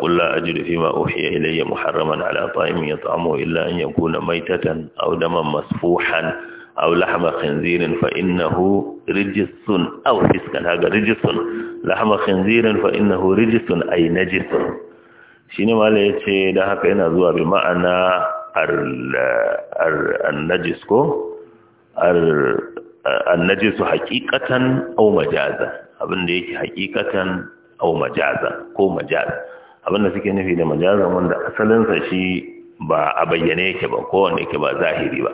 kulla eh, ajidu fi ma uhiya ilayya muharraman ala ya yat'amu illa an yakuna maitatan aw daman masfuhan aw lahma khinzirin fa innahu rijsun aw fiskan haga rijsun lahma khinzirin fa innahu rijsun ay najisun shine mala yace dan haka yana zuwa bi ma'ana annajis ko annajisu haƙiƙatan au majaza abinda yake hakikatan au majaza ko majaza abinda suke nufi da majaza wanda asalinsa shi ba a bayyane yake ba kowane yake ba zahiri ba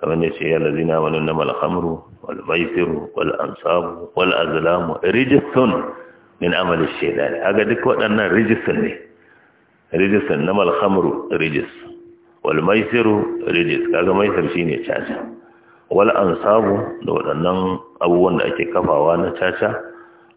kamar da ce yalla zina wani na malhamru wal maisiru wal ansabu wal azlamu rijistun min amalin shaidani aga duk waɗannan rijistun ne rijistun na malhamru rijist wal maisiru ridis kaga maisir shine caca wal ansabu da waɗannan abubuwan da ake kafawa na caca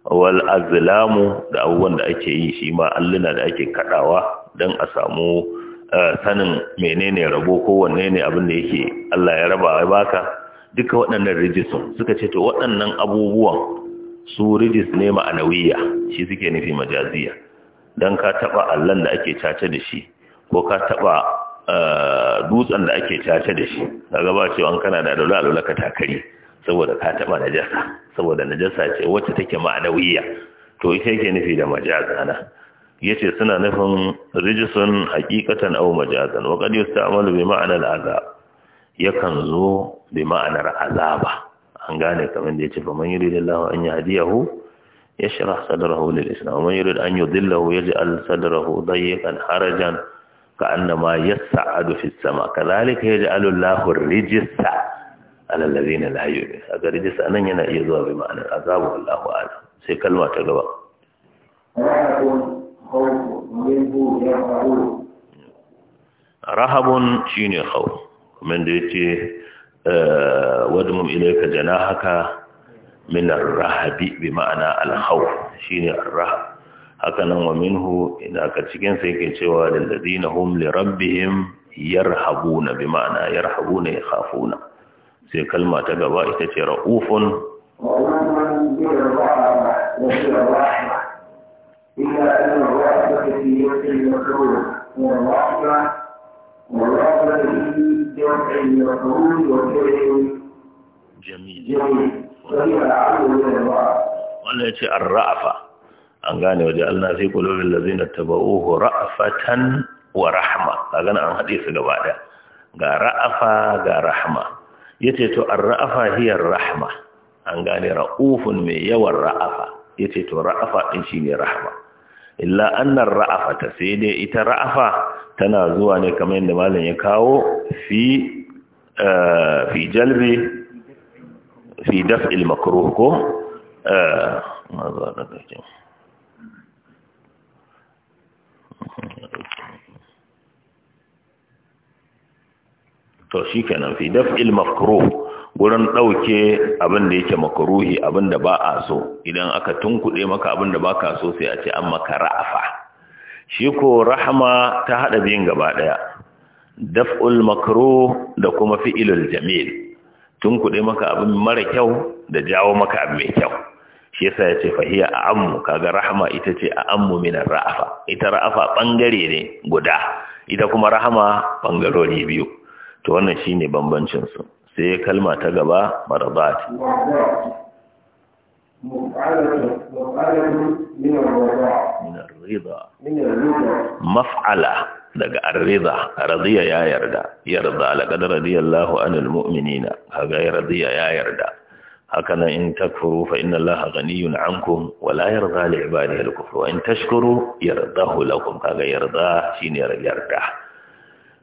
wal azlamu da abubuwan da ake yi shi ma alluna da ake kadawa dan a samu eh, sanin menene rabo ko wanne ne abin da yake Allah ya raba ya baka duka waɗannan ridis suka ce to waɗannan abubuwan su ridis ne ma'anawiya shi suke nufi majaziya dan ka taɓa allon da ake caca da shi ko ka taɓa. Eh, dutsen da ake tace da shi kaga ba cewa kana da dole alula ka takari saboda ka taba najasa saboda najasa ce wacce take ma'anawiya to ita yake nufi da majazana yace suna nufin rijisun haqiqatan aw majazan wa qad yusta'malu bi ma'ana al yakan zo bi ma'anar azaba an gane kamar da yace faman yuridillahu an yahdiyahu yashrah sadrahu lil-islam wa man yurid an yudillahu yaj'al sadrahu dayyqan harajan كأنما يسعد في السماء كذلك يجعل الله الرجس على الذين لا يؤمنون هذا رجس أنا ينا يزوى بمعنى العذاب والله أعلم سي كلمة تقبع رهب شيني خوف من ديتي أه ودمم إليك جناحك من الرهب بمعنى الخوف شيني الرهب haka nan wa minhu cikin sai yake cewa da ladina hum li rabbihim yarhabuna bi ma'ana ya yakhafuna sai kalma ta gaba ita ce raufun جميل. جميل. وهي العدل والرأفة. an gane waje alna fi qulubil ladzina tabauhu ra'fatan wa rahma kaga an hade su gaba daya ga ra'afa ga rahma yace to an raafa hiyar rahma an gane ra'ufun mai yawan ra'afa yace to ra'afa din shine rahma illa annar ra'afa ta sai dai ita ra'afa tana zuwa ne kamar yadda malam ya kawo fi eh, jalbi fi daf'il makruh ko eh, to shi kenan fi daf'il makruh gurin dauke abin da yake makruhi abin da ba a so idan aka tunkuɗe maka abin da baka so sai a ce an maka ra'afa shi ko rahma ta hada biyin gaba daya daf'ul makruh da kuma fi'ilul jamil tunkuɗe maka abin mara kyau da jawo maka abin mai kyau shi yasa ya ce fahiya a ammu kaga rahama ita ce a ammu minar ra'afa ita ra'afa bangare ne guda ita kuma rahama bangarori biyu to wannan shine bambancin su sai kalma ta gaba marabat maf'ala daga arrida radiyya ya yarda yarda laqad radiyallahu anil mu'minina kaga ya radiyya ya yarda haka in takfuru fa inna allaha ghaniyun ankum wa la yarda li ibadihi al-kufr wa in tashkuru yardahu lakum kaga yarda shine yarda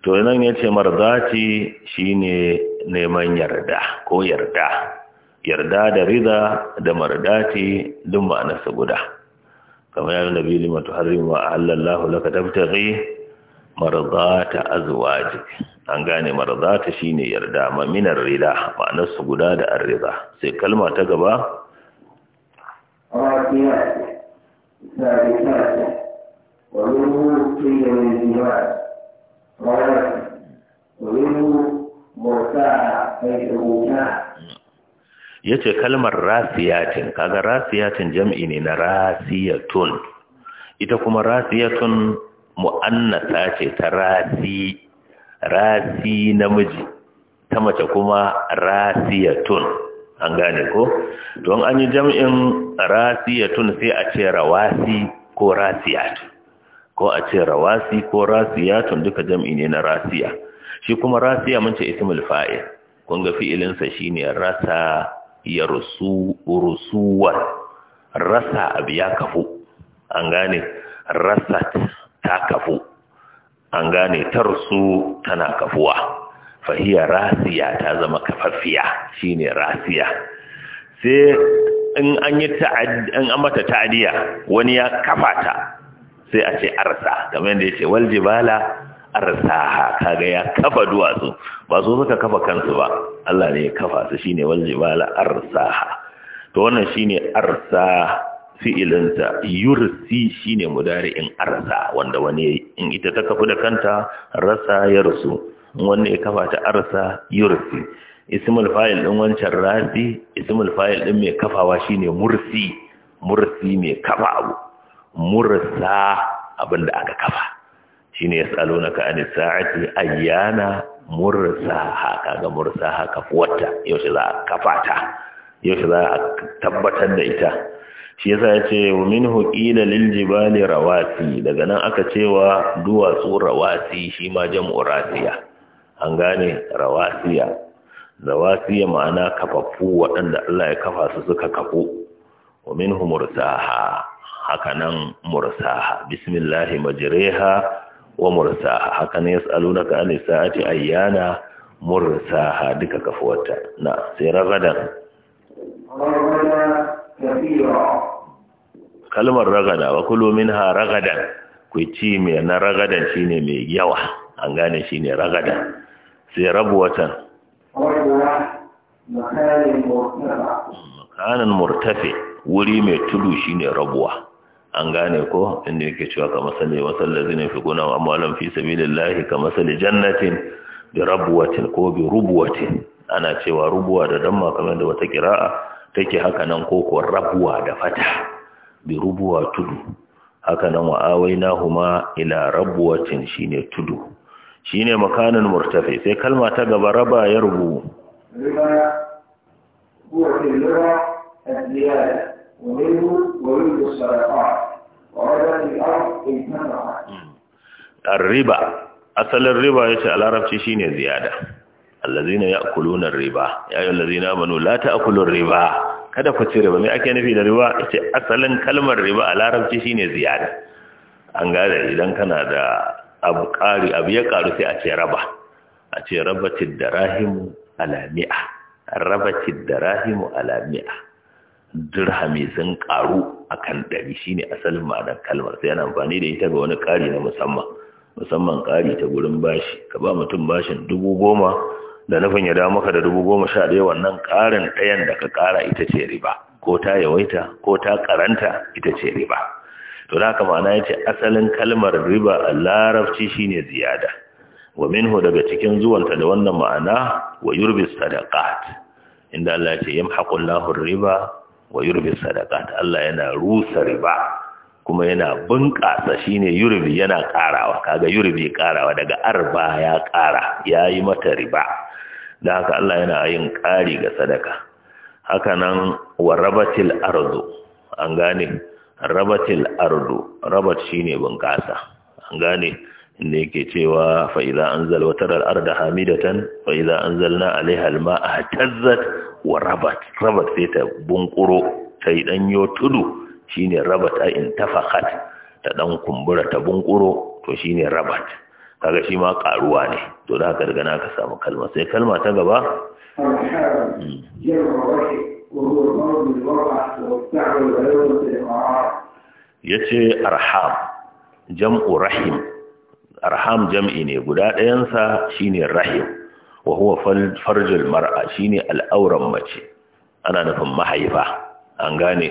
to nan yace mardati shine neman yarda ko yarda yarda da rida da mardati duk ma'anar su guda kamar ya nabi limatu harrimu wa ahallallahu laka tabtaghi marzata azwaji an gane marzata shine yarda maminar rida ma'anar su guda da arriza sai kalma ta gaba ya ce kalmar rasiyatin kaga rasiyatin jam'i ne na rasiyatun ita kuma rasiyatun mu'annasa ce ta rasi rasi namiji ta mace kuma rasiyatun an gane ko don an yi jam'in rasiyatun sai a ce rawasi ko rasiyatun ko a ce rawasi ko rasiyatun duka jam'i ne na rasiya shi kuma rasiya mun ce ismul fa'il kun ga fi'ilinsa shine rasa ya rusu rusuwar rasa abu ya kafu an gane rasat ta kafu an gane tarsu tana kafuwa fahiya rasiya ta zama kafaffiya shine rasiya sai in an yi in an mata ta'adiya wani ya kafa ta sai a ce arsa kamar yadda walje wal arsa arsaha kaga ya kafa duwatsu ba su suka kafa kansu ba Allah ne ya kafa su shine bala arsa arsaha to wannan shine arsa fi'ilinsa yursi shine mudari'in arsa wanda wani in ita ta kafu da kanta rasa ya rasu wanda ya kafa ta arsa yursi ismul fayil din wancan rasi ismul fayil din mai kafawa shine mursi mursi mai kafa abu mursa abinda aka kafa shine yasalunaka anis sa'ati ayyana mursaha kaga mursaha kafuwarta yaushe za a kafa ta yaushe za a tabbatar da ita shi yasa ya ce wa minhu hukila lil jibali rawati daga nan aka cewa duwatsu rawati shi ma jam'u an gane rawasiya rawasiya ma'ana kafaffu waɗanda Allah ya kafa su suka kafu wa minhu mursaha haka nan mursaha bismillahi majreha wa mursaha haka ne yas'alunaka an sa'ati ayyana mursaha duka kafuwarta na sai ragadan kalmar ragada wa kulu minha ragadan ku ci mai na ragadan shine mai yawa an gane shine ragada sai rabuwatan makanan murtafe wuri mai tudu shine rabuwa an gane ko inda yake cewa ka masali masallazi ne fi guna amalan fi sabilillahi ka masali jannatin bi rabuwatin ko bi rubuwatin ana cewa rubuwa da damma kamar da wata kira'a take haka nan koko rabuwa da fata bi rubuwa tudu haka nan wa awaina huma ila rabuwatin shine tudu shine makanin murtafi sai kalma ta gaba raba ya rubu riba mm. asalin riba yace a larabci shine ziyada akulu na riba ya allazi na amanu la akulu riba kada ku ci riba mai ake nufi da riba ita asalin kalmar riba a larabci shine ziyara. an gada idan kana da abu ƙari abu ya karu sai a ce raba a ce rabatid darahimu Rahimu mi'a rabatid darahimu Rahimu mi'a dirhami sun ƙaru akan ɗari shine asalin ma'adar kalmar sai ana amfani da ita ga wani kari na musamman musamman kari ta gurin bashi ka ba mutum bashin dubu goma da nufin ya dawo maka da dubu goma sha ɗaya wannan ƙarin ɗayan da ka ƙara ita ce riba ko ta yawaita ko ta ƙaranta ita ce riba to da haka ma'ana ya ce asalin kalmar riba a larabci shine ziyada wa minhu daga cikin zuwanta da wannan ma'ana wa yurbi sadaqat inda Allah ya ce yamhaqu Allahu riba wa yurbi sadaqat Allah yana rusa riba kuma yana bunƙasa shine yurbi yana ƙarawa kaga yurbi ƙarawa daga arba ya ƙara yayi mata riba da haka Allah yana yin ƙari ga sadaka haka nan wa rabatil ardu an gane rabatil ardu rabat shine bunƙasa an gane inda yake cewa fa idza anzal wa al-arda hamidatan fa idza anzalna alaiha al-ma'a tazzat wa rabat rabat sai ta bunƙuro sai danyo tudu shine rabat ay intafaqat ta dan kumbura ta bunƙuro to shine rabat kaga shi ma karuwa ne to da haka daga na ka samu kalma sai kalma ta gaba ya ce arham jam'u rahim arham jam'i ne guda ɗayansa shine rahim wa huwa farjul mar'a shine al'auran mace ana nufin mahaifa an gane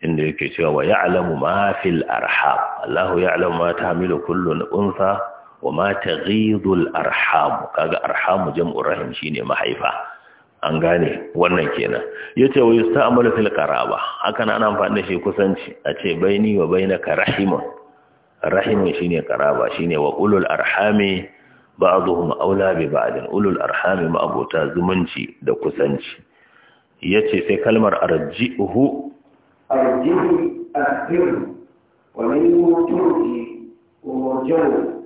inda yake cewa wa ya'lamu ma fil arham Allahu ya'lamu ma tahmilu kullu unsa wa ma taghidul arham kaga arhamu jam'u rahim shine mahaifa an gane wannan kenan yace wa yusta'malu fil qaraba haka nan ana amfani da shi kusanci a ce baini wa bainaka rahimun rahimun shine qaraba shine wa ulul arhami ba'dhum aula bi ba'din ulul arhami ma abota zumunci da kusanci yace sai kalmar arji'uhu arji'u asir wa min wujuhi wa wajhu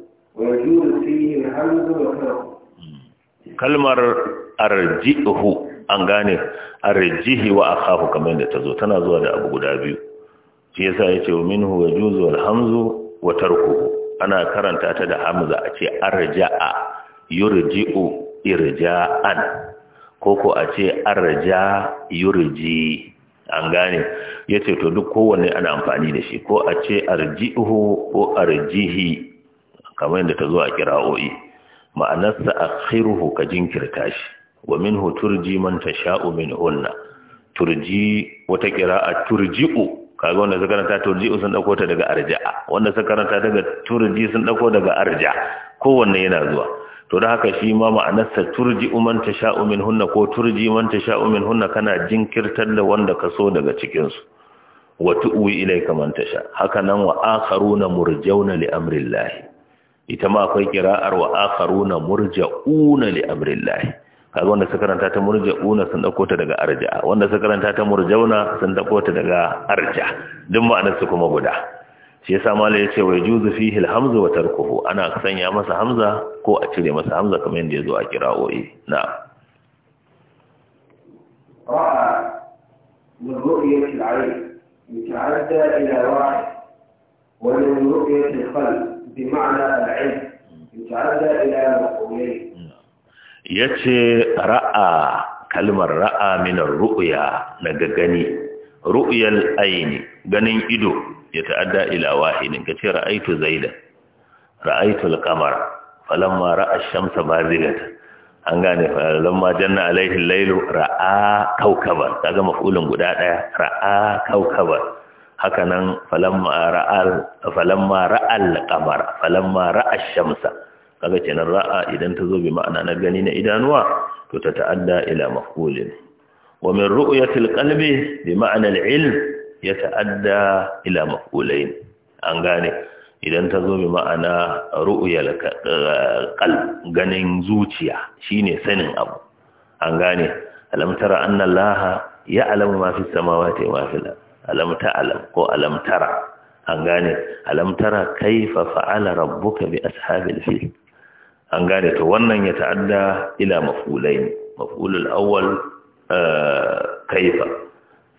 kalmar arjihu an gane arjihi wa akhahu kamar da tazo tana zuwa da abu guda biyu shi yasa yace minhu juzu wal hamzu wa tarkuhu ana karanta ta da hamza a ce arja'a yurji'u irja'an ko a ce arja yurji an gane yace to duk kowanne ana amfani da shi ko a ce arjihu ko arjihi kamar yadda ta zo a kira'o'i a akhiruhu ka jinkirta shi wa minhu turji man tasha'u min hunna turji wata qira'a turji'u kaga wanda suka karanta turji'u sun dauko ta daga arja'a wanda suka karanta daga turji sun dauko daga arja wanne yana zuwa to da haka shi ma sa turji'u man tasha'u min hunna ko turji man tasha'u min hunna kana jinkirtar da wanda ka so daga cikin su wa tu'u ilayka man tasha haka nan wa akharuna murjauna li amrillahi ita ma akwai kira'ar wa akharuna murja'una li amrillah kaga wanda suka karanta ta murja'una sun dauko ta daga arja wanda suka karanta ta murjauna sun dauko ta daga arja duk ma'anar su kuma guda shi yasa malai yace wa juzu fihi alhamzu wa tarkuhu ana sanya masa hamza ko a cire masa hamza kamar yadda yazo a kira'o'i na ra'a min ru'yati al-'ayn yata'adda ila wahid wa min ru'yati al-qalb Ya ce yace ra'a kalmar ra'a min ru'ya daga gani ru'yal aini ganin ido ya ta'adda ila wahidin kace ra'aitu zaida ra'aitu al-qamara falamma ra'a ash-shamsa bazigatan an gane ma janna alaihi lailu ra'a kaukabar gama maf'ulun guda ɗaya, ra'a kaukabar haka nan falamma ra'al kamara falamma ra'a shamsa kaga kenan ra'a idan ta zo bi ma'ana na gani na idanuwa to ta ta'adda ila maf'ulin wa min ru'yatil qalbi bi ma'ana al-ilm yata'adda ila an gane idan ta zo bi ma'ana ru'yal qalb ganin zuciya shine sanin abu an gane alam tara anna allaha ya'lamu ma fis samawati wa fil alam ta'alam ko alam tara an gane alam tara kaifa fa'ala rabbuka bi ashabil fil an gane to wannan ya ta'adda ila maf'ulain maf'ulul awwal eh, kaifa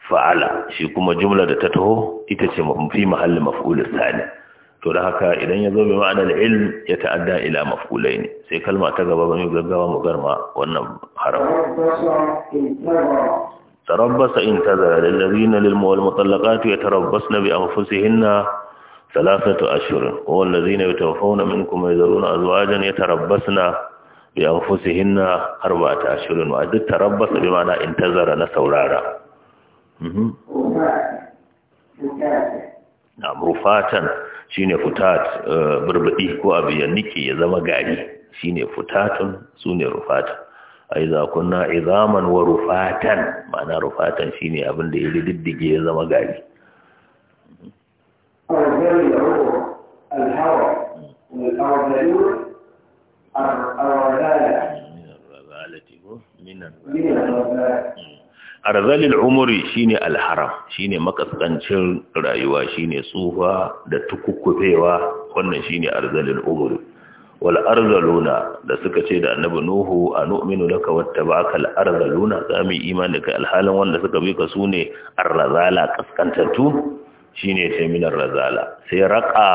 fa'ala shi kuma jumla da ta taho ita ce fi mahallin maf'ulul thani to da haka idan ya zo bi ma'anar ilm ya ta'adda ila maf'ulain sai kalma ta gaba ba mu gaggawa mu garma wannan haram tarabbasa in tazara lillazina lil mu'allaqati yatarabbasna bi anfusihinna thalathatu ashhur wallazina yatawaffawna minkum yadhuruna azwajan yatarabbasna bi anfusihinna arba'ata ashhur wa duk tarabbasa bi ma'ana in na saurara mhm na rufatan futat ko abiyan nike ya zama gari shine futatun sune rufatan aiza kunna izaman wa rufatan ma'ana rufatan shine abin da ya diddige ya zama gari arzalil umuri shine alharam shine makaskancin rayuwa shine tsufa da tukukufewa wannan shine arzalil umuri wal arzaluna da suka ce da annabi nuhu a nu'minu laka wattaba'aka al arzaluna za mu imani da kai alhalan wanda suka bi ka sune arzala kaskantatu shine sai min arzala sai raqa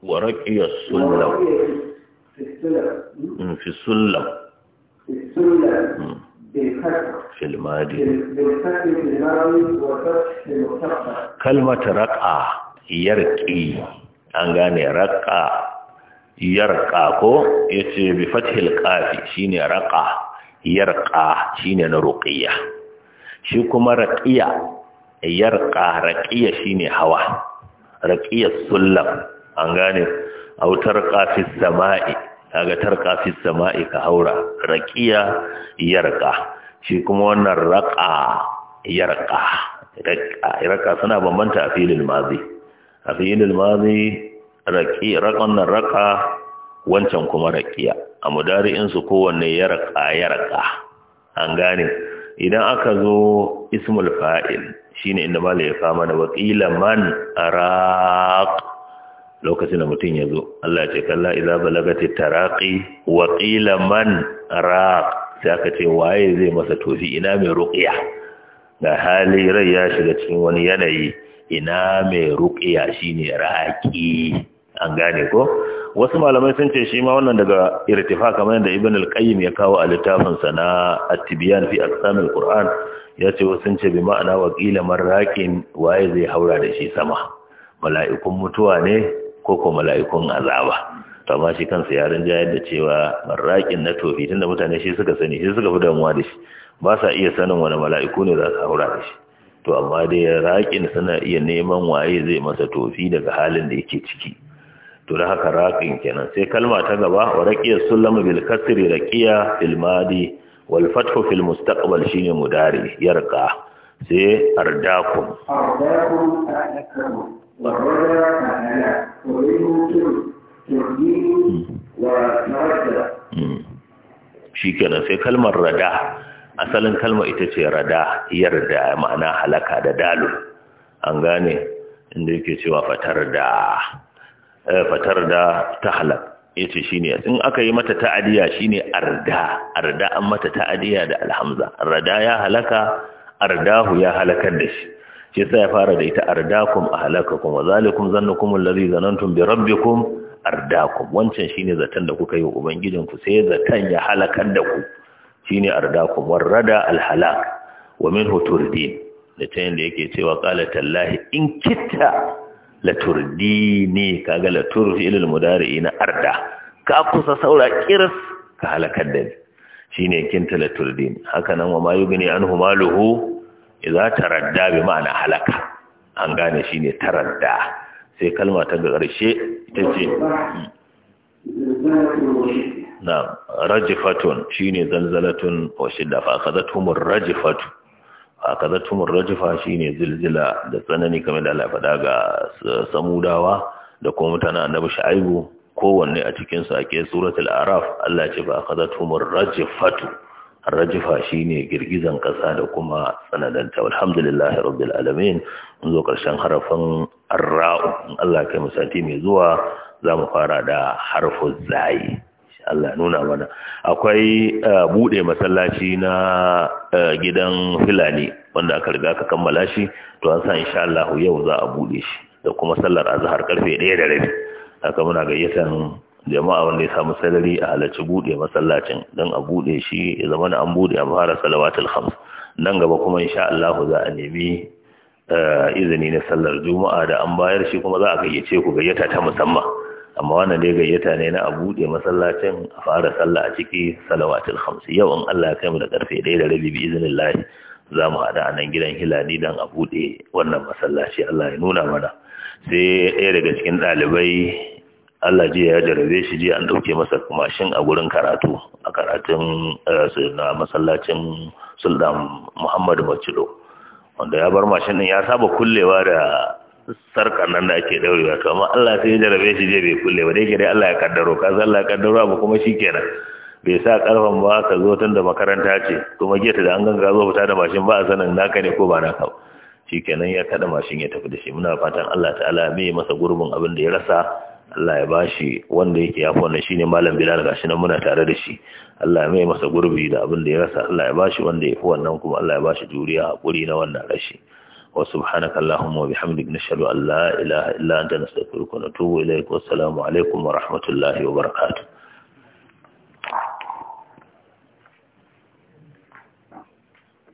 ورقي السلم في السلم في السلم filmadi kalmata raƙa yarƙi an gane yarƙa ko ya ce bi fathil ƙafi raƙa yarƙa shine na ruƙiya shi kuma raƙiya yarƙa raƙiya shi ne hawa raƙiyar sullam an gane autar ƙafis sama'i kaga tarka fi sama'i ka haura raqiya yarqa shi kuma wannan raqa yarqa raqa suna bambanta a filin mazi a filin mazi raqi raqan raqa wancan kuma raqiya a mudari'in su kowanne yarqa yarqa an gane idan aka zo ismul fa'il shine inda malai ya fama da waqila man araq lokacin da mutum ya zo Allah ce kalla idza balagati taraqi wa qila man raq sai aka ce waye zai masa tofi ina mai ruqiya ga hali rai ya shiga cikin wani yanayi ina mai ruqiya shine raqi an gane ko wasu malamai sun ce shi ma wannan daga irtifa kamar da ibn al-qayyim ya kawo a littafin sa na at-tibyan fi al qur'an ya ce wasu sun ce bi ma'ana wa qila man raqin waye zai haura da shi sama mala'ikun mutuwa ne ko ko mala'ikun azaba to amma shi kansa ya rinjayar da cewa marraƙin na tofi tunda mutane shi suka sani shi suka fi damuwa da shi ba sa iya sanin wani mala'iku ne za su haura da shi to amma dai raƙin suna iya neman waye zai masa tofi daga halin da yake ciki to da haka raƙin kenan sai kalma ta gaba wa raqiya sulam bil kasri raqiya fil madi wal fathu fil mustaqbal shine mudari yarqa sai ardakum ardakum والرجاء معناه ويمكن تهديه وترجع shi kenan sai kalmar rada asalin kalmar ita ce rada yarda ma'ana halaka da dalu an gane inda yake cewa fatar da eh, fatar da ta halak shi ne, in aka yi mata shi ne arda arda an mata ta'adiyya da alhamza rada ya halaka ardahu ya halakar da shi shi sai ya fara da ita ardakum ahlakakum wa zalikum zannukum allazi zanantum bi rabbikum ardakum wancan shine zatan da kuka yi wa ubangijinku sai zatan ya halakar da ku shine ardakum warada alhalak wa minhu turdin da ta yanda yake cewa qala tallahi in kitta la turdini kaga la turfi ilal na arda ka kusa saura kirs ka halakar da ni shine kinta la turdin haka nan wa ma yugni anhu maluhu idza taradda bi ma'ana halaka an gane shi ne taradda sai kalma ta ƙarshe ita ce na rajifatun shine zanzalatun wa shidda fa rajifatu akhadathumur rajifa shine zilzila da tsanani kamar da lafada ga samudawa da kuma mutanen annabi shu'aibu kowanne a cikinsu a ake suratul araf Allah ce fa rajifatu shi shine girgizan ƙasa da kuma sanadanta. alhamdulillahi rabbil alamin mun zo ƙarshen harafin ar-ra'u in Allah kai musati mai zuwa za mu fara da harfu zai Allah nuna mana akwai eh, bude masallaci na eh, gidan filani wanda aka riga ka kammala shi to an sa insha Allah yau za a bude shi da kuma sallar azhar karfe 1 da rabi haka muna gayyatan jama'a wanda ya samu salari a halarci buɗe masallacin don a buɗe shi ya zama na an buɗe a fara salawatul khams nan gaba kuma insha Allah za a nemi eh, izini na sallar juma'a da an bayar shi kuma za a gayyace ku gayyata ta musamman amma wannan dai gayyata ne na a buɗe masallacin a fara sallah a ciki salawatul khams yau in Allah ya kai mu da karfe 1 da rabi bi iznillah za mu hada a nan gidan hilali don a buɗe wannan masallaci Allah ya nuna mana sai ɗaya daga cikin ɗalibai Allah ji ya jarabe shi ji an dauke masa mashin a gurin karatu a karatun eh, na masallacin Sultan Muhammadu Bacilo wanda ya bar mashin din ya saba kullewa da sarkar nan da ake daurewa to amma Allah sai ya jarabe shi je bai kulle ba dai ke dai Allah ya kaddaro ka san Allah ya kaddaro abu kuma shikenan bai sa karfan ba ka zo tun makaranta ce kuma geta da an ganga zo fita da mashin ba a sanin naka ne ko ba naka ba shikenan ya kada mashin ya tafi da shi muna fatan Allah ta'ala mai masa gurbin abin da ya rasa Allah ya bashi wanda yake yafi wannan shine malam Bilal gashi nan muna tare da shi Allah ya mai masa gurbi da abin da ya rasa Allah ya bashi wanda yafi wannan kuma Allah ya bashi juriya hakuri na wannan rashi wa subhanaka allahumma wa bihamdika nashhadu an la ilaha illa anta nastaghfiruka wa natubu ilayk wa assalamu alaikum wa rahmatullahi wa barakatuh